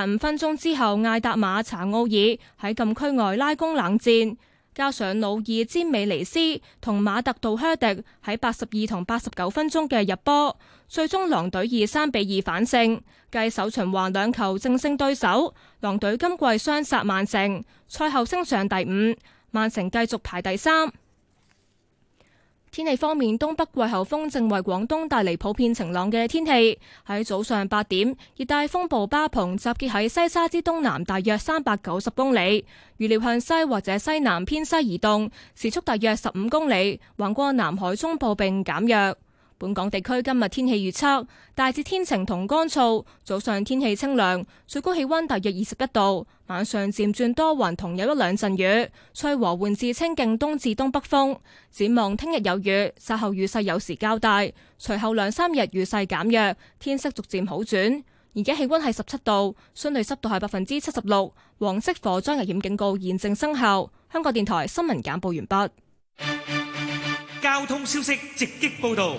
五分鐘之後，艾達馬查奧爾喺禁區外拉弓冷箭，加上努爾詹美尼斯同馬特杜靴迪喺八十二同八十九分鐘嘅入波，最終狼隊以三比二反勝，繼首循環兩球淨勝對手，狼隊今季雙殺曼城，賽後升上第五，曼城繼續排第三。天氣方面，東北季候風正為廣東帶嚟普遍晴朗嘅天氣。喺早上八點，熱帶風暴巴蓬集結喺西沙之東南大約三百九十公里，預料向西或者西南偏西移動，時速大約十五公里，橫過南海中部並減弱。本港地區今日天氣預測大致天晴同乾燥，早上天氣清涼，最高氣溫大約二十一度。晚上漸轉多雲，同有一兩陣雨，吹和緩至清勁東至東北風。展望聽日有雨，稍後雨勢有時較大，隨後兩三日雨勢減弱，天色逐漸好轉。而家氣溫係十七度，相對濕度係百分之七十六。黃色火災危險警告現正生效。香港電台新聞簡報完畢。交通消息直擊報道。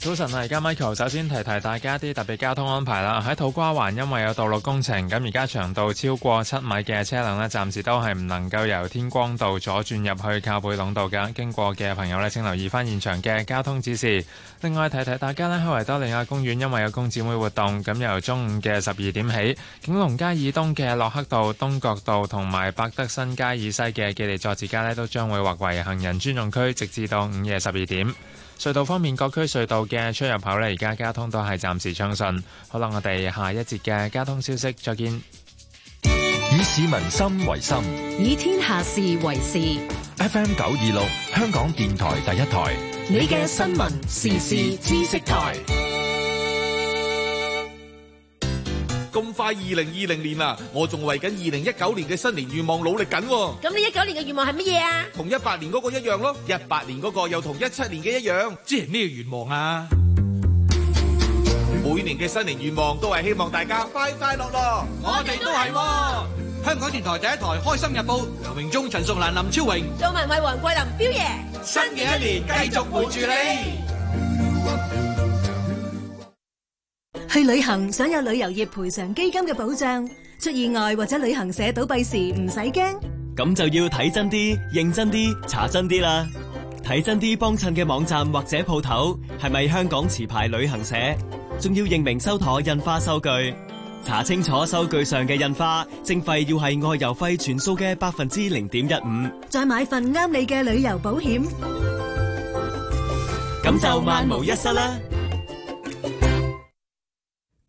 早晨啊！而家 Michael 首先提提大家啲特別交通安排啦。喺土瓜灣，因為有道路工程，咁而家長度超過七米嘅車輛呢，暫時都係唔能夠由天光道左轉入去靠背壟道噶。經過嘅朋友呢，請留意翻現場嘅交通指示。另外提提大家咧，喺維多利亞公園，因為有工展會活動，咁由中午嘅十二點起，景隆街以東嘅洛克道、東角道同埋百德新街以西嘅記利佐治街呢，都將會劃為行人專用區，直至到午夜十二點。隧道方面，各區隧道嘅出入口咧，而家交通都係暫時暢順。好啦，我哋下一節嘅交通消息，再見。以市民心為心，以天下事為事。FM 九二六，香港電台第一台，你嘅新聞時事知識台。咁快二零二零年啦，我仲為緊二零一九年嘅新年願望努力緊。咁你一九年嘅願望係乜嘢啊？同一八年嗰個一樣咯，一八年嗰個又同一七年嘅一樣，即係咩願望啊？每年嘅新年願望都係希望大家快快樂樂，我哋都係。香港電台第一台《開心日報》，梁榮忠、陳淑蘭、林超榮、杜文慧、黃桂林、彪爺，新嘅一年繼續陪住你。去旅行想有旅遊業賠償基金嘅保障，出意外或者旅行社倒閉時唔使驚。咁就要睇真啲、認真啲、查真啲啦。睇真啲幫襯嘅網站或者鋪頭係咪香港持牌旅行社，仲要認明收妥印花收據，查清楚收據上嘅印花徵費要係外遊費全數嘅百分之零點一五，再買份啱你嘅旅遊保險，咁就萬無一失啦。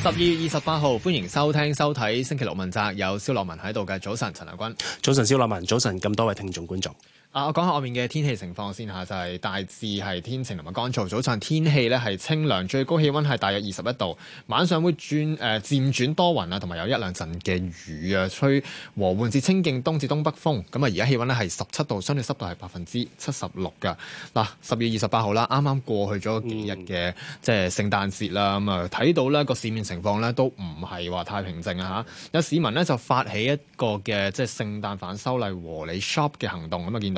十二月二十八號，歡迎收聽收睇星期六問責，有蕭洛汶喺度嘅。早晨，陳亮均。早晨，蕭洛汶。早晨，咁多位聽眾觀眾。啊，我講下外面嘅天氣情況先嚇，就係、是、大致係天晴同埋乾燥。早上天氣咧係清涼，最高氣温係大約二十一度。晚上會轉誒、呃、漸轉多雲啊，同埋有一兩陣嘅雨啊，吹和緩至清勁東至東北風。咁啊，而家氣温咧係十七度，相對濕度係百分之七十六噶。嗱，十二月二十八號啦，啱啱過去咗幾日嘅即係聖誕節啦，咁啊睇到咧個市面情況咧都唔係話太平靜啊嚇。有市民咧就發起一個嘅即係聖誕反修例和你 shop 嘅行動，咁啊見到。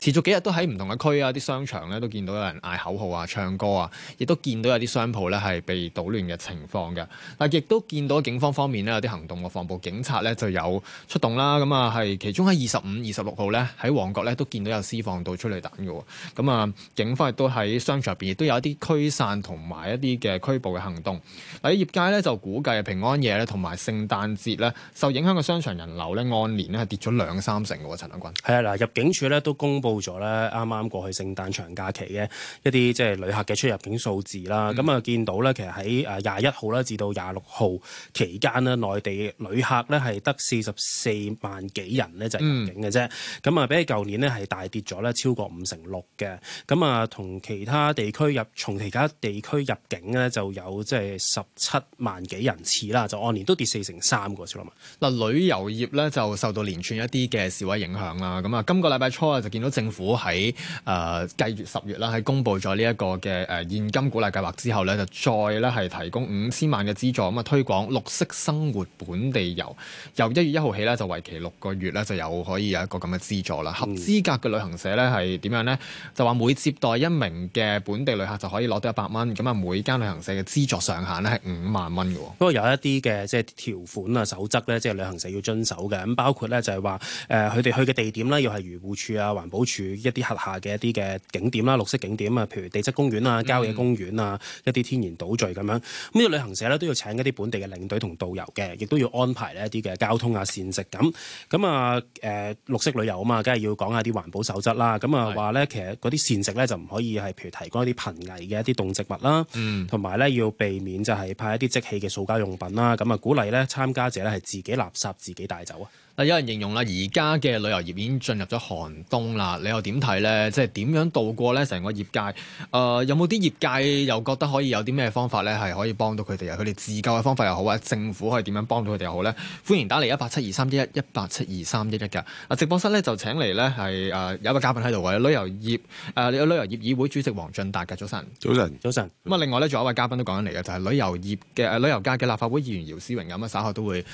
持續幾日都喺唔同嘅區啊，啲商場咧都見到有人嗌口號啊、唱歌啊，亦都見到有啲商鋪咧係被搗亂嘅情況嘅。嗱，亦都見到警方方面呢，有啲行動喎，防暴警察咧就有出動啦。咁、嗯、啊，係其中喺二十五、二十六號咧喺旺角咧都見到有施放到催淚彈嘅喎。咁、嗯、啊，警方亦都喺商場入邊亦都有一啲驅散同埋一啲嘅拘捕嘅行動。喺業界咧就估計平安夜咧同埋聖誕節咧受影響嘅商場人流咧按年咧係跌咗兩三成嘅喎，陳亮均。係啊，嗱，入境處咧都公布到咗咧，啱啱過去聖誕長假期嘅一啲即係旅客嘅出入境數字啦，咁啊、嗯、見到咧，其實喺誒廿一號啦至到廿六號期間呢，內地旅客咧係得四十四萬幾人咧就入境嘅啫，咁啊、嗯、比起舊年呢，係大跌咗咧超過五成六嘅，咁啊同其他地區入，從其他地區入境咧就有即係十七萬幾人次啦，就按年都跌四成三個咗嘛。嗱，旅遊業咧就受到連串一啲嘅示威影響啦，咁啊今個禮拜初啊就見到。政府喺誒繼月十月啦，喺公布咗呢一個嘅誒現金鼓勵計劃之後咧，就再咧係提供五千萬嘅資助，咁啊推廣綠色生活本地遊由一月一號起咧，就為期六個月咧，就有可以有一個咁嘅資助啦。合資格嘅旅行社咧係點樣咧？就話每接待一名嘅本地旅客就可以攞到一百蚊，咁啊每間旅行社嘅資助上限咧係五萬蚊嘅。不過有一啲嘅即係條款啊守則咧，即係旅行社要遵守嘅，咁包括咧就係話誒，佢哋去嘅地點咧要係漁護署啊、環保。住一啲轄下嘅一啲嘅景點啦，綠色景點啊，譬如地質公園啊、郊野公園啊，一啲天然島嶼咁樣。咁啲、嗯、旅行社咧都要請一啲本地嘅領隊同導遊嘅，亦都要安排呢一啲嘅交通啊、膳食咁。咁啊誒，綠色旅遊啊嘛，梗係要講下啲環保守則啦。咁啊話咧，其實嗰啲膳食咧就唔可以係譬如提供一啲瀕危嘅一啲動植物啦，同埋咧要避免就係派一啲即棄嘅塑膠用品啦。咁啊鼓勵咧參加者咧係自己垃圾自己帶走啊。有人形容啦，而家嘅旅遊業已經進入咗寒冬啦。你又點睇咧？即係點樣度過咧？成個業界，誒、呃、有冇啲業界又覺得可以有啲咩方法咧，係可以幫到佢哋啊？佢哋自救嘅方法又好啊，政府可以點樣幫到佢哋又好咧？歡迎打嚟一八七二三一一一八七二三一一嘅。啊，直播室咧就請嚟咧係誒有一位嘉賓喺度嘅旅遊業誒、呃、旅遊業議會主席黃進達嘅早晨，早晨，早晨上。咁啊上，另外咧仲有一位嘉賓都講緊嚟嘅，就係、是、旅遊業嘅、呃、旅遊界嘅立法會議員姚思榮，咁啊，稍後都會誒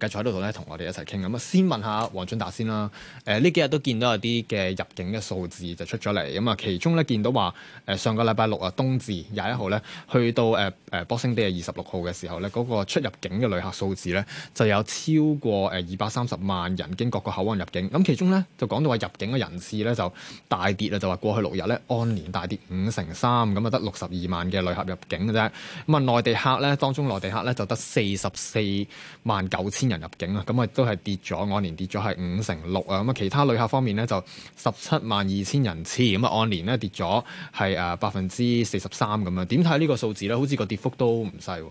繼續喺度咧同我哋一齊傾咁啊。先問下黃進達先啦。誒、呃、呢幾日都見到有啲嘅入境嘅數字就出咗嚟，咁、嗯、啊其中咧見到話誒、呃、上個禮拜六啊冬至廿一號咧，去到誒誒、呃、Boxing Day 啊二十六號嘅時候咧，嗰、那個出入境嘅旅客數字咧就有超過誒二百三十萬人經各個口岸入境。咁、嗯、其中咧就講到話入境嘅人士咧就大跌啦，就話過去六日咧按年大跌五成三、嗯，咁啊得六十二萬嘅旅客入境嘅啫。咁啊內地客咧當中內地客咧就得四十四萬九千人入境啊，咁、嗯、啊都係跌咗按年跌咗係五成六啊！咁啊，其他旅客方面咧就十七萬二千人次，咁啊按年咧跌咗係誒百分之四十三咁樣。點睇呢個數字咧？好似個跌幅都唔細。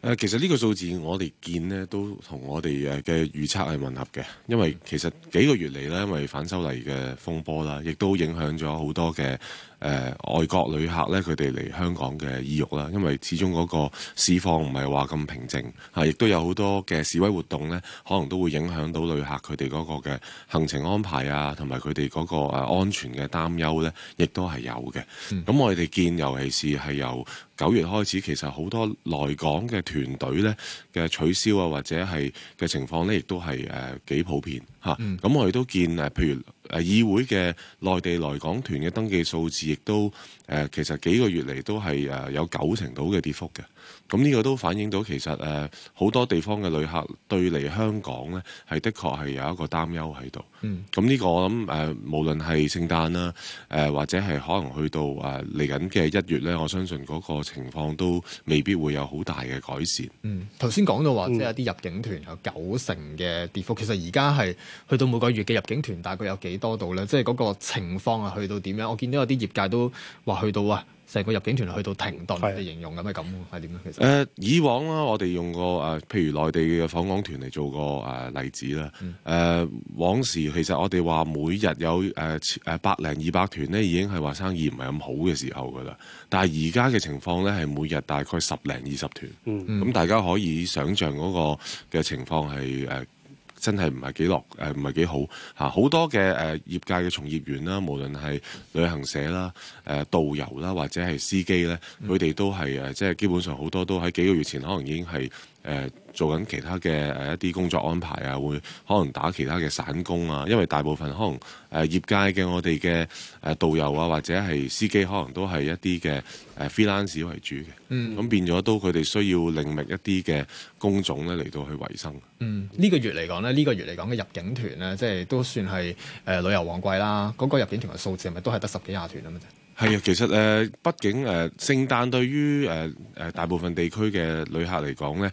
誒，其實呢個數字我哋見呢，都同我哋誒嘅預測係吻合嘅，因為其實幾個月嚟咧，因為反修例嘅風波啦，亦都影響咗好多嘅，誒、呃、外國旅客咧，佢哋嚟香港嘅意欲啦，因為始終嗰個市況唔係話咁平靜嚇，亦、啊、都有好多嘅示威活動咧，可能都會影響到旅客佢哋嗰個嘅行程安排啊，同埋佢哋嗰個、啊、安全嘅擔憂咧，亦都係有嘅。咁、嗯、我哋見，尤其是係由九月開始，其實好多來港嘅團隊咧嘅取消啊，或者係嘅情況咧，亦都係誒幾普遍嚇。咁、啊嗯、我哋都見誒，譬如。誒議會嘅內地來港團嘅登記數字，亦都誒其實幾個月嚟都係誒有九成度嘅跌幅嘅。咁呢個都反映到其實誒、呃、好多地方嘅旅客對嚟香港呢，係的確係有一個擔憂喺度。咁呢個、嗯、我諗誒、呃，無論係聖誕啦，誒、呃、或者係可能去到誒嚟緊嘅一月呢，我相信嗰個情況都未必會有好大嘅改善。嗯，頭先講到話、嗯、即係啲入境團有九成嘅跌幅，其實而家係去到每個月嘅入境團大概有幾多度呢？即係嗰個情況係，去到點樣？我見到有啲業界都話去到啊。成個入境團去到停頓嘅形容，咁係咁喎，係點樣？其實誒、呃，以往啦，我哋用個誒，譬如內地嘅訪港團嚟做個誒、呃、例子啦。誒、嗯呃、往時其實我哋話每日有誒誒、呃呃、百零二百團咧，已經係話生意唔係咁好嘅時候噶啦。但係而家嘅情況咧，係每日大概十零二十團。嗯，咁大家可以想象嗰個嘅情況係誒。呃真係唔係幾落誒，唔係幾好嚇，好多嘅誒業界嘅從業員啦，無論係旅行社啦、誒、呃、導遊啦，或者係司機咧，佢哋都係誒，即係基本上好多都喺幾個月前可能已經係。誒、呃、做緊其他嘅誒一啲工作安排啊，會可能打其他嘅散工啊，因為大部分可能誒業界嘅我哋嘅誒導遊啊，或者係司機，可能都係一啲嘅誒 freelancer 為主嘅，咁變咗都佢哋需要另覓一啲嘅工種咧嚟到去維生。嗯，呢、這個月嚟講咧，呢、這個月嚟講嘅入境團咧，即係都算係誒、呃、旅遊旺季啦。嗰、那個入境團嘅數字係咪都係得十幾廿團啊？係啊，其實誒、呃，畢竟誒、呃，聖誕對於誒誒、呃呃、大部分地區嘅旅客嚟講咧，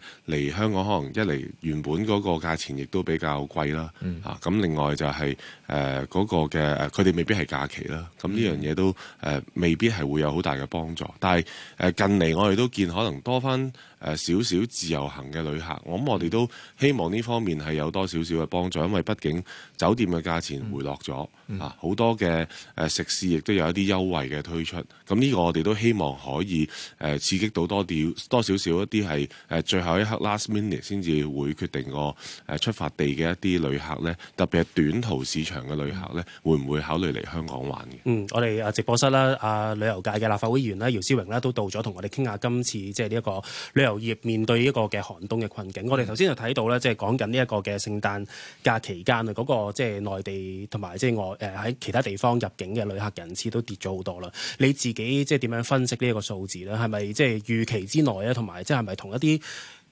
嚟香港可能一嚟原本嗰個價錢亦都比較貴啦，嗯、啊，咁另外就係誒嗰個嘅，佢哋未必係假期啦，咁呢樣嘢都誒、呃、未必係會有好大嘅幫助，但係誒、呃、近嚟我哋都見可能多翻，誒少少自由行嘅旅客，我諗我哋都希望呢方面係有多少少嘅幫助，因為畢竟酒店嘅價錢回落咗，嗯、啊好多嘅誒食肆亦都有一啲優惠嘅推出，咁呢個我哋都希望可以誒刺激到多啲多少少一啲係誒最後一刻 last minute 先至會決定個誒出發地嘅一啲旅客咧，特別係短途市場嘅旅客咧，會唔會考慮嚟香港玩嘅？嗯，我哋啊直播室啦，啊旅遊界嘅立法會議員啦，姚思榮啦，都到咗同我哋傾下今次即係呢一個旅遊。業面對一個嘅寒冬嘅困境，嗯、我哋頭先就睇到咧，即係講緊呢一個嘅聖誕假期間啊，嗰、嗰個即係內地同埋即係外誒喺、呃、其他地方入境嘅旅客人次都跌咗好多啦。你自己即係點樣分析數呢一個數字咧？係咪即係預期之內啊？同埋即係係咪同一啲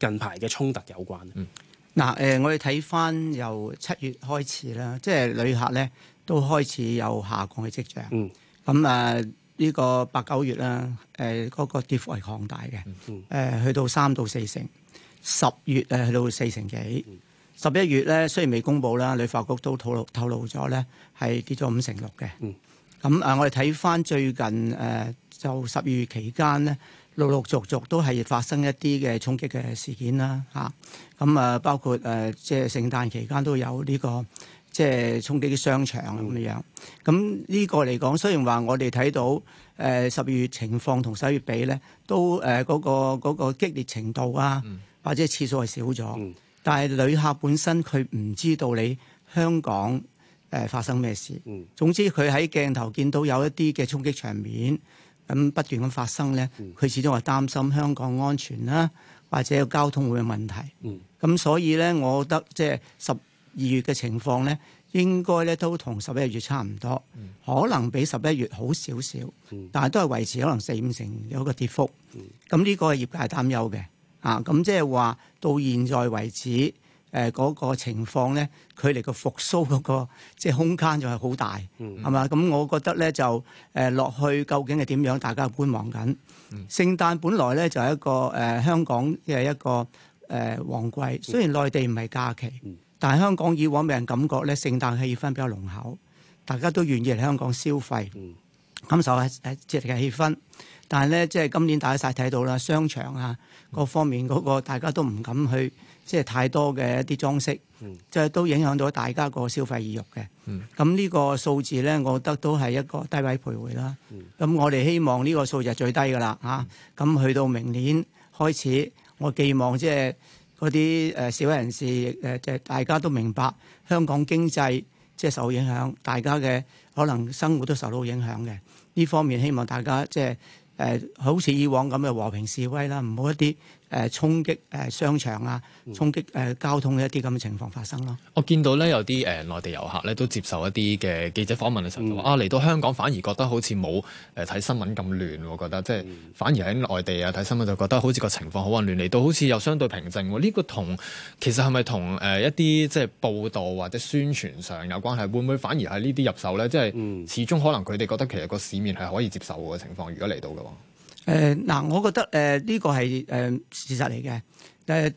近排嘅衝突有關？嗯，嗱誒、呃，我哋睇翻由七月開始啦，即係旅客咧都開始有下降嘅跡象。嗯，咁誒。呃呢個八九月啦，誒、呃、嗰、那個跌幅係擴大嘅，誒、呃、去到三到四成，十月誒、呃、去到四成幾，十一月咧雖然未公布啦，旅發局都透露透露咗咧係跌咗五成六嘅。咁啊、嗯，我哋睇翻最近誒、呃、就十二月期間咧，陸陸續續都係發生一啲嘅衝擊嘅事件啦，嚇咁啊，包括誒即係聖誕期間都有呢、這個。即係衝擊啲商場咁樣樣，咁呢個嚟講，雖然話我哋睇到誒十二月情況同十一月比咧，都誒嗰、呃嗰個嗰個激烈程度啊，嗯、或者次數係少咗，嗯、但係旅客本身佢唔知道你香港誒、呃、發生咩事。總之佢喺鏡頭見到有一啲嘅衝擊場面，咁不斷咁發生咧，佢始終係擔心香港安全啦、啊，或者交通會嘅問題。咁所以咧，我覺得即係十二月嘅情況咧，應該咧都同十一月差唔多，可能比十一月好少少，但係都係維持可能四五成有個跌幅。咁、這、呢個係業界擔憂嘅啊，咁即係話到現在為止，誒、呃、嗰、這個情況咧，佢哋、那個復甦嗰個即係空間就係好大，係嘛、嗯？咁我覺得咧就誒落、呃、去究竟係點樣，大家觀望緊。聖誕本來咧就係、是、一個誒、呃、香港嘅一個誒旺、呃、季，雖然內地唔係假期。嗯但係香港以往俾人感覺咧，聖誕氣氛比較濃厚，大家都願意嚟香港消費，感受下喺節日嘅氣氛。但係咧，即係今年大家晒睇到啦，商場啊各方面嗰個大家都唔敢去，即係太多嘅一啲裝飾，即係都影響到大家個消費意欲嘅。咁呢個數字咧，我覺得都係一個低位徘徊啦。咁我哋希望呢個數字係最低㗎啦嚇。咁去到明年開始，我寄望即係。嗰啲誒示威人士，誒即係大家都明白香港經濟即係受影響，大家嘅可能生活都受到影響嘅。呢方面希望大家即係誒，好似以往咁嘅和平示威啦，唔好一啲，誒、呃、衝擊誒、呃、商場啊，衝擊誒、呃、交通嘅一啲咁嘅情況發生咯、啊。我見到咧有啲誒、呃、內地遊客咧都接受一啲嘅記者訪問嘅時候，就話、嗯、啊嚟到香港反而覺得好似冇誒睇新聞咁亂，我覺得即係反而喺內地啊睇新聞就覺得好似個情況好混亂，嚟到好似又相對平靜。呢、這個同其實係咪同誒一啲即係報道或者宣傳上有關係？會唔會反而係呢啲入手咧？即係、嗯、始終可能佢哋覺得其實個市面係可以接受嘅情況，如果嚟到嘅話。誒嗱、呃，我覺得誒呢、呃這個係誒、呃、事實嚟嘅，誒、呃、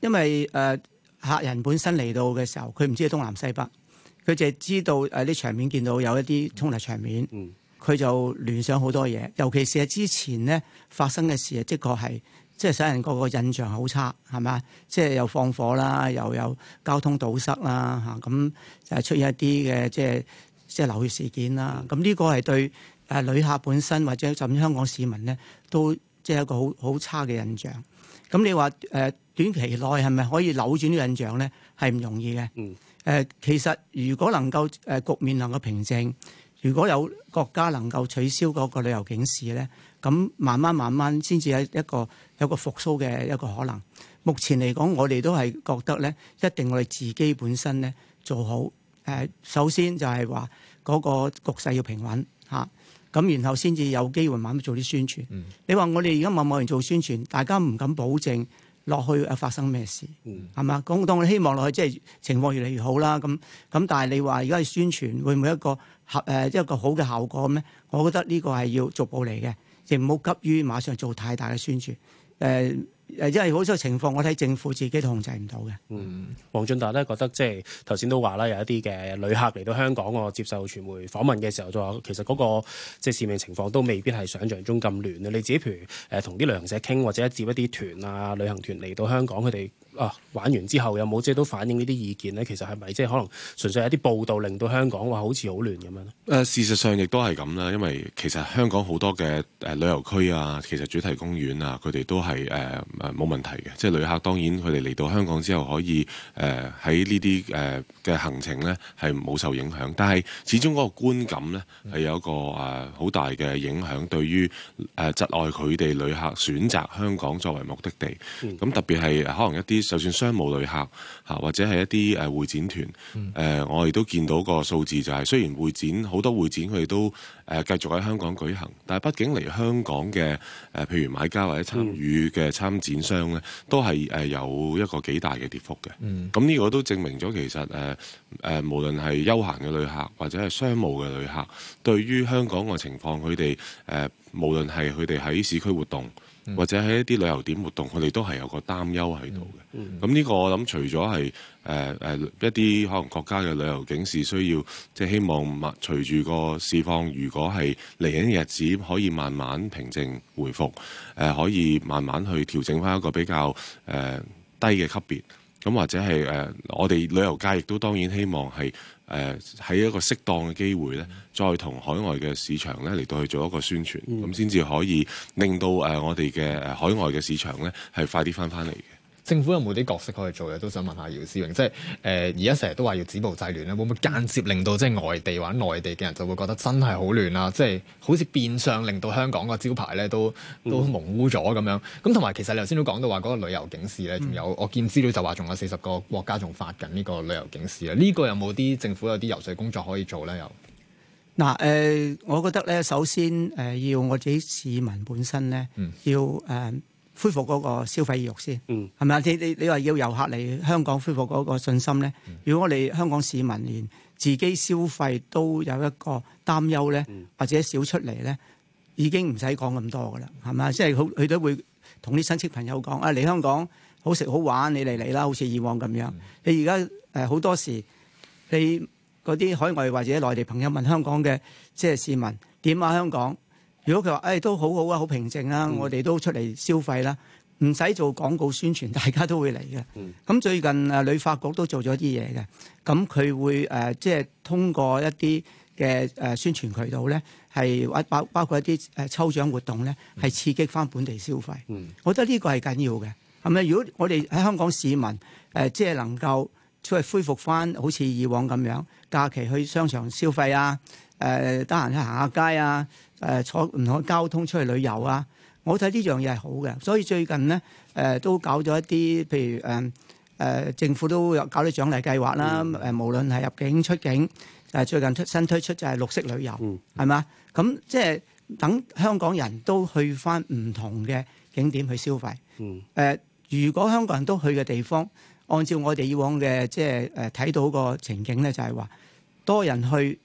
因為誒、呃、客人本身嚟到嘅時候，佢唔知係東南西北，佢淨係知道誒啲、呃、場面見到有一啲衝突場面，佢就聯想好多嘢。尤其是係之前咧發生嘅事嘅，的確係即係使人個個印象好差，係咪啊？即係又放火啦，又有交通堵塞啦，嚇、啊、咁就係出現一啲嘅即係即係流血事件啦。咁、啊、呢個係對。誒旅客本身或者甚至香港市民咧，都即係一個好好差嘅印象。咁你話誒短期內係咪可以扭轉呢個印象咧？係唔容易嘅。誒其實如果能夠誒、呃、局面能夠平靜，如果有國家能夠取消嗰個旅遊警示咧，咁慢慢慢慢先至係一個有個復甦嘅一個可能。目前嚟講，我哋都係覺得咧，一定我哋自己本身咧做好。誒、呃、首先就係話嗰個局勢要平穩吓。啊咁然後先至有機會慢慢做啲宣傳。嗯、你話我哋而家默默然做宣傳，大家唔敢保證落去誒發生咩事，係嘛、嗯？咁當我希望落去即係情況越嚟越好啦。咁咁但係你話而家係宣傳，會唔會一個合誒、呃、一個好嘅效果咧？我覺得呢個係要逐步嚟嘅，亦唔好急於馬上做太大嘅宣傳。誒、呃。誒，因為好少情況，我睇政府自己都控制唔到嘅。嗯，黃進達咧覺得即係頭先都話啦，有一啲嘅旅客嚟到香港，我接受傳媒訪問嘅時候就話，其實嗰個即係市民情況都未必係想像中咁亂啊！你自己譬如誒同啲旅行社傾，或者接一啲團啊，旅行團嚟到香港，佢哋。啊！玩完之後有冇即係都反映呢啲意見呢？其實係咪即係可能純粹係一啲報道令到香港話好似好亂咁樣咧？誒，事實上亦都係咁啦，因為其實香港好多嘅誒旅遊區啊，其實主題公園啊，佢哋都係誒冇問題嘅。即係旅客當然佢哋嚟到香港之後可以誒喺呢啲誒嘅行程呢係冇受影響，但係始終嗰個觀感呢係有一個誒好、呃、大嘅影響，對於誒窒礙佢哋旅客選擇香港作為目的地。咁、嗯、特別係可能一啲。就算商務旅客嚇，或者係一啲誒會展團，誒、嗯呃、我哋都見到個數字就係、是、雖然會展好多會展佢哋都誒、呃、繼續喺香港舉行，但係畢竟嚟香港嘅誒、呃，譬如買家或者參與嘅參展商咧，都係誒、呃、有一個幾大嘅跌幅嘅。咁呢、嗯、個都證明咗其實誒誒、呃呃，無論係休閒嘅旅客或者係商務嘅旅客，對於香港個情況，佢哋誒無論係佢哋喺市區活動。或者喺一啲旅遊點活動，佢哋都係有個擔憂喺度嘅。咁呢、嗯嗯、個我諗除咗係誒誒一啲可能國家嘅旅遊警示，需要即係、就是、希望慢隨住個市況，如果係嚟緊日子可以慢慢平靜回復，誒、呃、可以慢慢去調整返一個比較誒、呃、低嘅級別。咁或者係誒、呃、我哋旅遊界亦都當然希望係。誒，喺一個適當嘅機會咧，再同海外嘅市場咧嚟到去做一個宣傳，咁先至可以令到誒我哋嘅誒海外嘅市場咧係快啲翻翻嚟。政府有冇啲角色可以做嘅？都想問，問下姚思榮，即係誒而家成日都話要止暴制亂咧，會唔會間接令到即係外地或者內地嘅人就會覺得真係好亂啊？即係好似變相令到香港個招牌咧都、嗯、都蒙污咗咁樣。咁同埋其實你頭先都講到話嗰個旅遊警示咧，仲有、嗯、我見資料就話仲有四十個國家仲發緊呢個旅遊警示啊！呢、呢個有冇啲政府有啲游說工作可以做咧？又嗱誒，我覺得咧，首先誒、呃、要我自己市民本身咧，嗯、要誒。呃恢復嗰個消費意欲先，係咪啊？你你你話要遊客嚟香港恢復嗰個信心咧？嗯、如果我哋香港市民連自己消費都有一個擔憂咧，嗯、或者少出嚟咧，已經唔使講咁多㗎喇，係咪啊？嗯、即係佢佢都會同啲親戚朋友講啊，嚟香港好食好玩，你嚟嚟啦，好似以往咁樣。嗯、你而家誒好多時，你嗰啲海外或者內地朋友問香港嘅即係市民點啊？香港？香港如果佢話：誒、哎、都好好啊，好平靜啊，嗯、我哋都出嚟消費啦，唔使做廣告宣傳，大家都會嚟嘅。咁、嗯、最近啊，旅發局都做咗啲嘢嘅，咁佢會誒、呃，即係通過一啲嘅誒宣傳渠道咧，係包包包括一啲誒抽獎活動咧，係刺激翻本地消費。嗯、我覺得呢個係緊要嘅，係咪？如果我哋喺香港市民誒、呃，即係能夠再恢復翻好似以往咁樣，假期去商場消費啊！誒得閒去行下街啊！誒、呃、坐唔同嘅交通出去旅遊啊！我睇呢樣嘢係好嘅，所以最近咧誒、呃、都搞咗一啲，譬如誒誒、呃、政府都有搞啲獎勵計劃啦、啊。誒、嗯、無論係入境出境，誒最近出新推出就係綠色旅遊，係嘛、嗯？咁、嗯、即係等香港人都去翻唔同嘅景點去消費。誒、嗯呃、如果香港人都去嘅地方，按照我哋以往嘅即係誒睇到個情景咧，就係話多人去。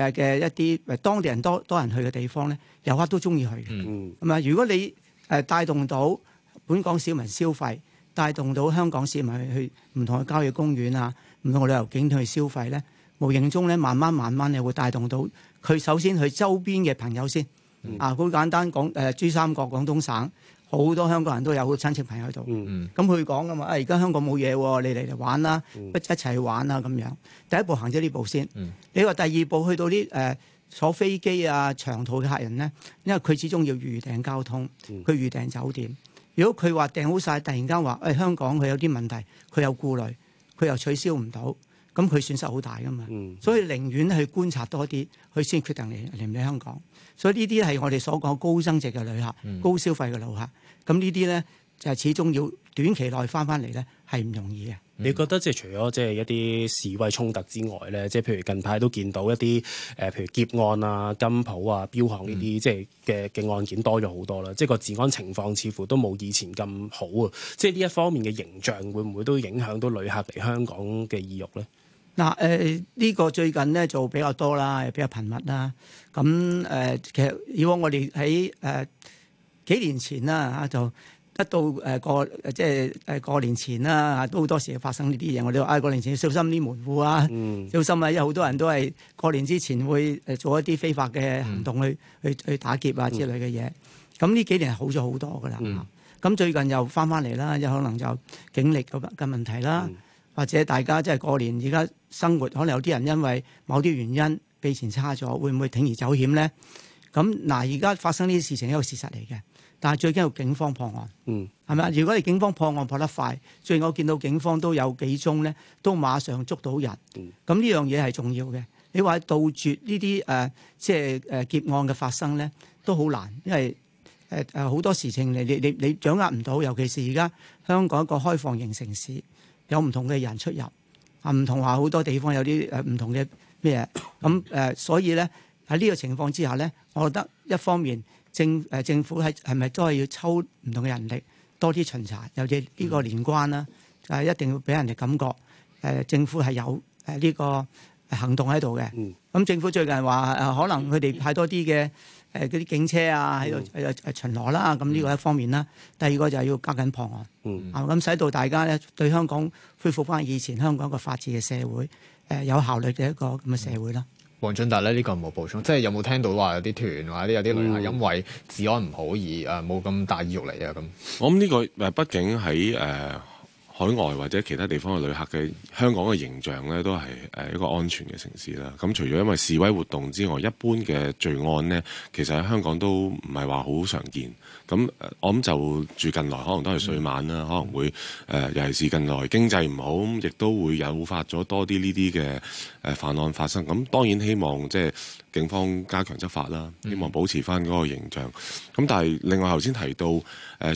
嘅嘅、呃、一啲，當地人多多人去嘅地方咧，遊客都中意去嘅。咁啊、嗯，如果你誒、呃、帶動到本港市民消費，帶動到香港市民去唔同嘅郊野公園啊，唔同嘅旅遊景點去消費咧，無形中咧慢慢慢慢你會帶動到佢首先去周邊嘅朋友先。嗯、啊，好簡單講，誒、呃，珠三角廣東省。好多香港人都有好多親戚朋友喺度，咁佢講噶嘛，啊而家香港冇嘢，你嚟嚟玩啦，mm hmm. 一一齊去玩啦咁樣。第一步行咗呢步先，mm hmm. 你話第二步去到啲誒、呃、坐飛機啊長途嘅客人咧，因為佢始終要預訂交通，佢預訂酒店。Mm hmm. 如果佢話訂好晒，突然間話誒、哎、香港佢有啲問題，佢有顧慮，佢又取消唔到，咁佢損失好大噶嘛。Mm hmm. 所以寧願去觀察多啲，佢先決定嚟嚟唔嚟香港。所以呢啲係我哋所講高增值嘅旅客、嗯、高消費嘅旅客，咁呢啲咧就係始終要短期內翻翻嚟咧係唔容易嘅。嗯、你覺得即係除咗即係一啲示威衝突之外咧，即係譬如近排都見到一啲誒，譬如劫案啊、金鋪啊、標行呢啲，即係嘅嘅案件多咗好多啦。嗯、即係個治安情況似乎都冇以前咁好啊。即係呢一方面嘅形象會唔會都影響到旅客嚟香港嘅意欲咧？嗱，誒呢個最近咧就比較多啦，又比較頻密啦。咁、嗯、誒其實以往我哋喺誒幾年前啦嚇，就得到誒過即係誒過年前啦，都好多時發生呢啲嘢。我哋話啊過年前要小心啲門戶啊，嗯、小心啊，有好多人都係過年之前會做一啲非法嘅行動去去、嗯、去打劫啊之類嘅嘢。咁、嗯、呢、嗯嗯、幾年好咗好多噶啦。咁、嗯嗯、最近又翻翻嚟啦，有可能就警力嘅問題啦。嗯或者大家即係過年，而家生活可能有啲人因為某啲原因，記錢差咗，會唔會鋌而走險咧？咁嗱，而家發生呢啲事情係一個事實嚟嘅，但係最緊要警方破案，嗯，係咪啊？如果你警方破案破得快，最我見到警方都有幾宗咧，都馬上捉到人，嗯，咁呢樣嘢係重要嘅。你話杜絕呢啲誒，即係誒劫案嘅發生咧，都好難，因為誒誒好多事情你你你你掌握唔到，尤其是而家香港一個開放型城市。有唔同嘅人出入，啊唔同話好多地方有啲誒唔同嘅咩嘢，咁誒、呃、所以咧喺呢個情況之下咧，我覺得一方面政誒、呃、政府喺係咪都係要抽唔同嘅人力多啲巡查，有啲呢個年關啦，誒、呃、一定要俾人哋感覺誒、呃、政府係有誒呢、呃個行動喺度嘅。咁政府最近話誒、呃、可能佢哋派多啲嘅。誒嗰啲警車啊，喺度喺度誒巡邏啦，咁呢個一方面啦。嗯、第二個就係要加緊破案，啊咁、嗯、使到大家咧對香港恢復翻以前香港一個法治嘅社會，誒有效率嘅一個咁嘅社會啦。黃、嗯、俊達咧呢、呢個有冇補充？即係有冇聽到話有啲團話啲有啲旅客因為治安唔好而誒冇咁大意欲嚟啊咁？我諗呢個誒，畢竟喺誒。呃海外或者其他地方嘅旅客嘅香港嘅形象咧，都係誒一個安全嘅城市啦。咁除咗因為示威活動之外，一般嘅罪案咧，其實喺香港都唔係話好常見。咁我諗就住近來可能都係歲晚啦，嗯、可能會誒，尤其是近來經濟唔好，咁亦都會誘發咗多啲呢啲嘅誒犯案發生。咁當然希望即係警方加強執法啦，嗯、希望保持翻嗰個形象。咁但係另外頭先提到誒，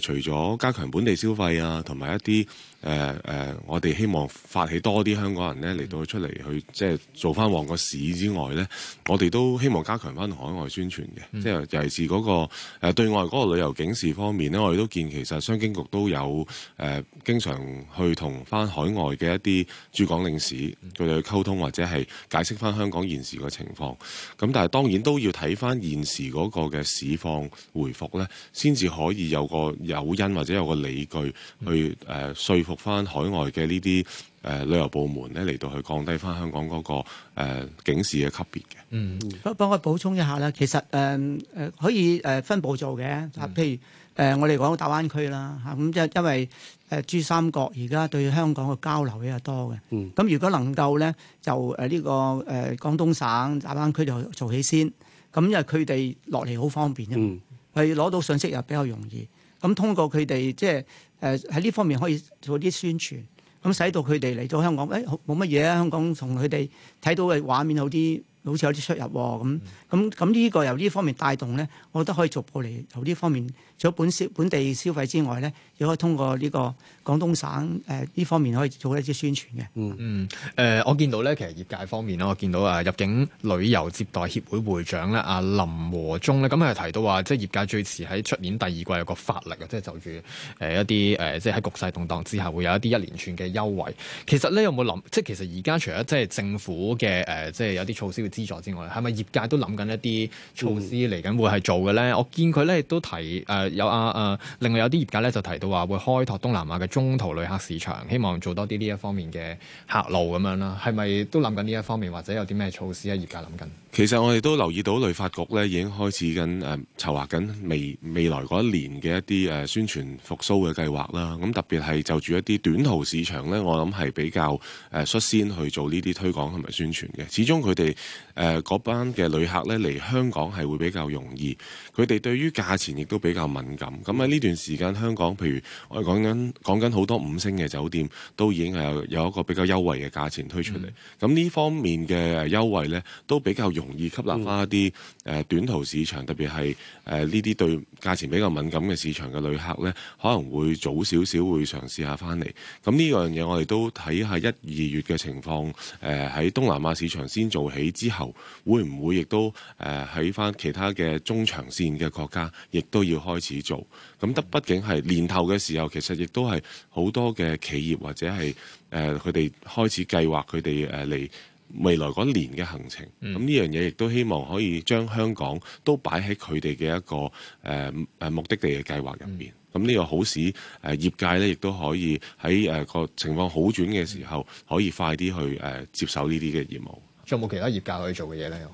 除咗加強本地消費啊，同埋一啲。誒誒、呃呃，我哋希望發起多啲香港人咧嚟，到出嚟去，即係做翻旺個市之外咧，我哋都希望加強翻海外宣傳嘅，即係、嗯、尤其是嗰、那個誒、呃、對外嗰個旅遊警示方面咧，我哋都見其實商經局都有誒、呃、經常去同翻海外嘅一啲駐港領事佢哋去溝通，或者係解釋翻香港現時嘅情況，咁但係當然都要睇翻現時嗰個嘅市況回復咧，先至可以有個誘因或者有個理據去誒、呃、說服，翻海外嘅呢啲誒旅遊部門咧嚟到去降低翻香港嗰、那個、呃、警示嘅級別嘅。嗯，幫幫我補充一下啦。其實誒誒、呃、可以誒分步做嘅、呃。啊，譬如誒我哋講大灣區啦嚇，咁即係因為誒珠、呃、三角而家對香港嘅交流比較多嘅。咁、嗯、如果能夠咧就誒、這、呢個誒廣、呃、東省大灣區就做起先，咁因為佢哋落嚟好方便嘅。嗯。係攞到信息又比較容易。咁通過佢哋即係誒喺呢方面可以做啲宣傳，咁、嗯、使到佢哋嚟到香港，誒冇乜嘢啊！香港同佢哋睇到嘅畫面有啲好似有啲出入喎，咁咁咁呢個由呢方面帶動咧，我覺得可以逐步嚟由呢方面。咗本本地消費之外咧，亦都可以通過呢個廣東省誒呢方面可以做一啲宣傳嘅。嗯嗯，誒我見到咧，其實業界方面啦，我見到啊入境旅遊接待協會會長咧，阿林和中咧，咁佢係提到話，即係業界最遲喺出年第二季有個法律，啊，即係就住誒一啲誒，即係喺局勢動盪之下會有一啲一連串嘅優惠。其實咧有冇諗？即係其實而家除咗即係政府嘅誒，即係有啲措施嘅資助之外，係咪業界都諗緊一啲措施嚟緊會係做嘅咧？我見佢咧亦都提誒。有啊誒、呃，另外有啲業界咧就提到話會開拓東南亞嘅中途旅客市場，希望做多啲呢一方面嘅客路咁樣啦。係咪都諗緊呢一方面，或者有啲咩措施啊？業界諗緊。其實我哋都留意到旅發局咧已經開始緊誒籌劃緊未未來嗰一年嘅一啲誒、呃、宣傳復甦嘅計劃啦。咁特別係就住一啲短途市場咧，我諗係比較誒率先去做呢啲推廣同埋宣傳嘅。始終佢哋誒嗰班嘅旅客咧嚟香港係會比較容易，佢哋對於價錢亦都比較敏感。咁喺呢段時間，香港譬如我哋講緊講緊好多五星嘅酒店都已經係有有一個比較優惠嘅價錢推出嚟。咁呢、嗯、方面嘅優惠咧都比較容易。容易吸納翻一啲誒短途市場，特別係誒呢啲對價錢比較敏感嘅市場嘅旅客呢，可能會早少少會嘗試下翻嚟。咁呢樣嘢我哋都睇下一二月嘅情況，誒、呃、喺東南亞市場先做起之後，會唔會亦都誒喺翻其他嘅中長線嘅國家，亦都要開始做。咁得，畢竟係年頭嘅時候，其實亦都係好多嘅企業或者係誒佢哋開始計劃佢哋誒嚟。呃未來嗰年嘅行程，咁呢樣嘢亦都希望可以將香港都擺喺佢哋嘅一個誒誒、呃、目的地嘅計劃入面。咁呢、嗯、個好使，誒業界咧，亦都可以喺誒個情況好轉嘅時候，嗯、可以快啲去誒、呃、接受呢啲嘅業務。仲有冇其他業界可以做嘅嘢咧？有。